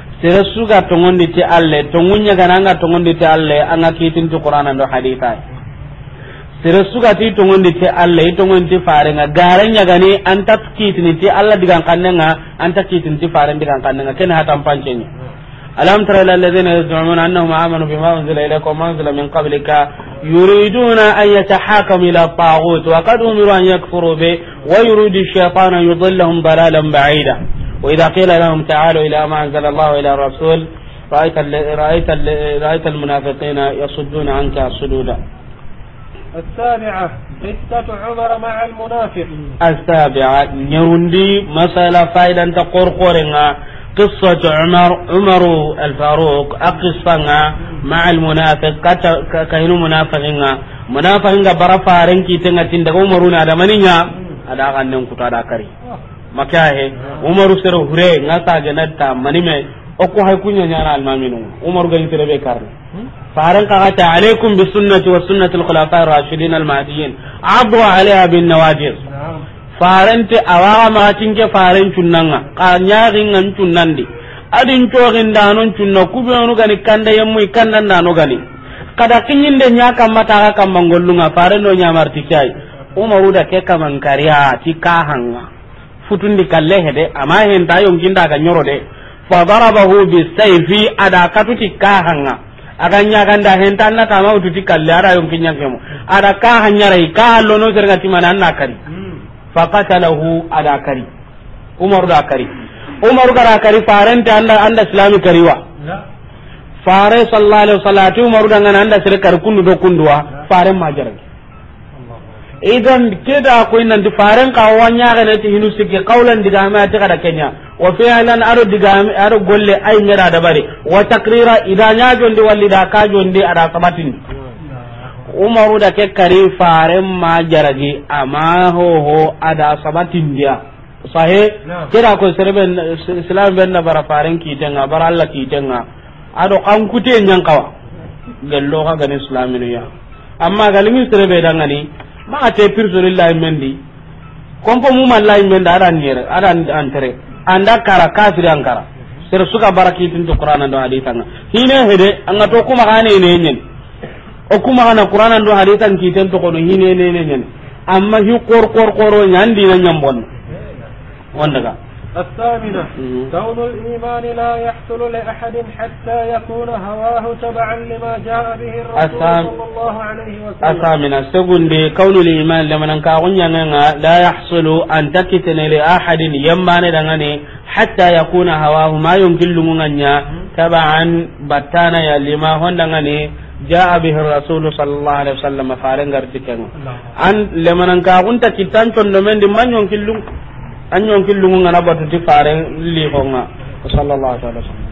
B: tere suga tongondi ti alle tongunya gana anga tongondi ti alle anga kitin ti qur'ana ndo hadita tere suga ti tongondi ti alle tongondi ti fare nga garanya gani anta kitin ti alla digan kannga anta kitin ti fare digan kannga ken hatam ni alam tara ila alladhina yaz'umuna annahum amanu bima unzila ilaykum wa unzila min qablika yuriduna an yatahakamu ila at-taghut wa qad umiru an yakfuru bi wa yuridu ash-shaytanu yudhillahum dalalan ba'ida وإذا قيل لهم تعالوا إلى ما أنزل الله إلى الرسول رأيت رأيت رأيت المنافقين يصدون عنك صدودا.
A: السابعة قصة عمر مع المنافق.
B: السابعة نوندي مسألة فائدة تقرقرنا قصة عمر عمر الفاروق أقصنا مع المنافق كاينو منافقنا منافقنا برا فارنكي تنغتين دغ عمرنا دمنيا ada هذا غنم ada kari. makahe umaru sere hure nga sage natta manime okko hay kunya nyana almaminu umaru gani tere be karne faran ka ta alaikum bi sunnati wa sunnati al khulafa ar rashidin al mahdiyin abu alaiha bin nawajir farante awaa ma tinke faran cunnanga ka nyaari ngan cunnandi adin torin danon cunna onu gani kanda yemu kanda nanu gani kada kinyinde nya kamata ka faran no nya martikai umaru da ke kamankariya tikahanga futundi kalle hede amma hen ta yonkinda ga nyoro de fa darabahu bi sayfi ada katuti kahanga aga nya ganda hen tan na tama ututi kalle ara yong kinya kemo ada kahanya rai ka lo no serga timana na kari hmm. fa qatalahu ada kari umar da kari umar gara kari farenta anda anda islami kariwa fare sallallahu alaihi wasallam umar da ngana anda sirkar kar kundu do kunduwa fare majarage idan keda ko nan di faren ka wa nyaare ne ti hinu sikki qawlan diga ma ti kada kenya wa fi'lan aro diga aro golle ay ngara da bari wa takrira ida nyaajo ndi walli da ka jo ndi ada sabatin umaru da ke kari faren ma jaragi ama ho ho ada sabatin dia sahe keda ko serben islam ben na bara faren ki tenga bara alla ki tenga ado kankute nyankawa gello ka gani islamino ya amma galimi serbe dangani maxate prisoni layi men di compo muman layi men di aɗaniere aɗan entré anda kara kasiri an kara sere suka barakitinto qurana ndo haditanga hine hede anga to kumaxanene ñen o kumaxana qurana ndo haditan kiten toxono hinenene ñen amma hi qoor qoor qooro ñandina ñambonna wondaga الثامنة كون
A: الإيمان لا يحصل لأحد حتى يكون هواه تبعا لما جاء به الرسول صلى الله عليه وسلم الثامنة
B: سيقول لي كون الإيمان لمن كاغن لا يحصل أن تكتن لأحد يمان دغني حتى يكون هواه ما يمكن لغنيا تبعا بطانا لما هون هندغني جاء به الرسول صلى الله عليه وسلم فارن غرتكن أن لمن كان كنت تكتن تندمن من يمكن an yon killu ngana batu ti fare li ko nga
A: sallallahu alaihi wasallam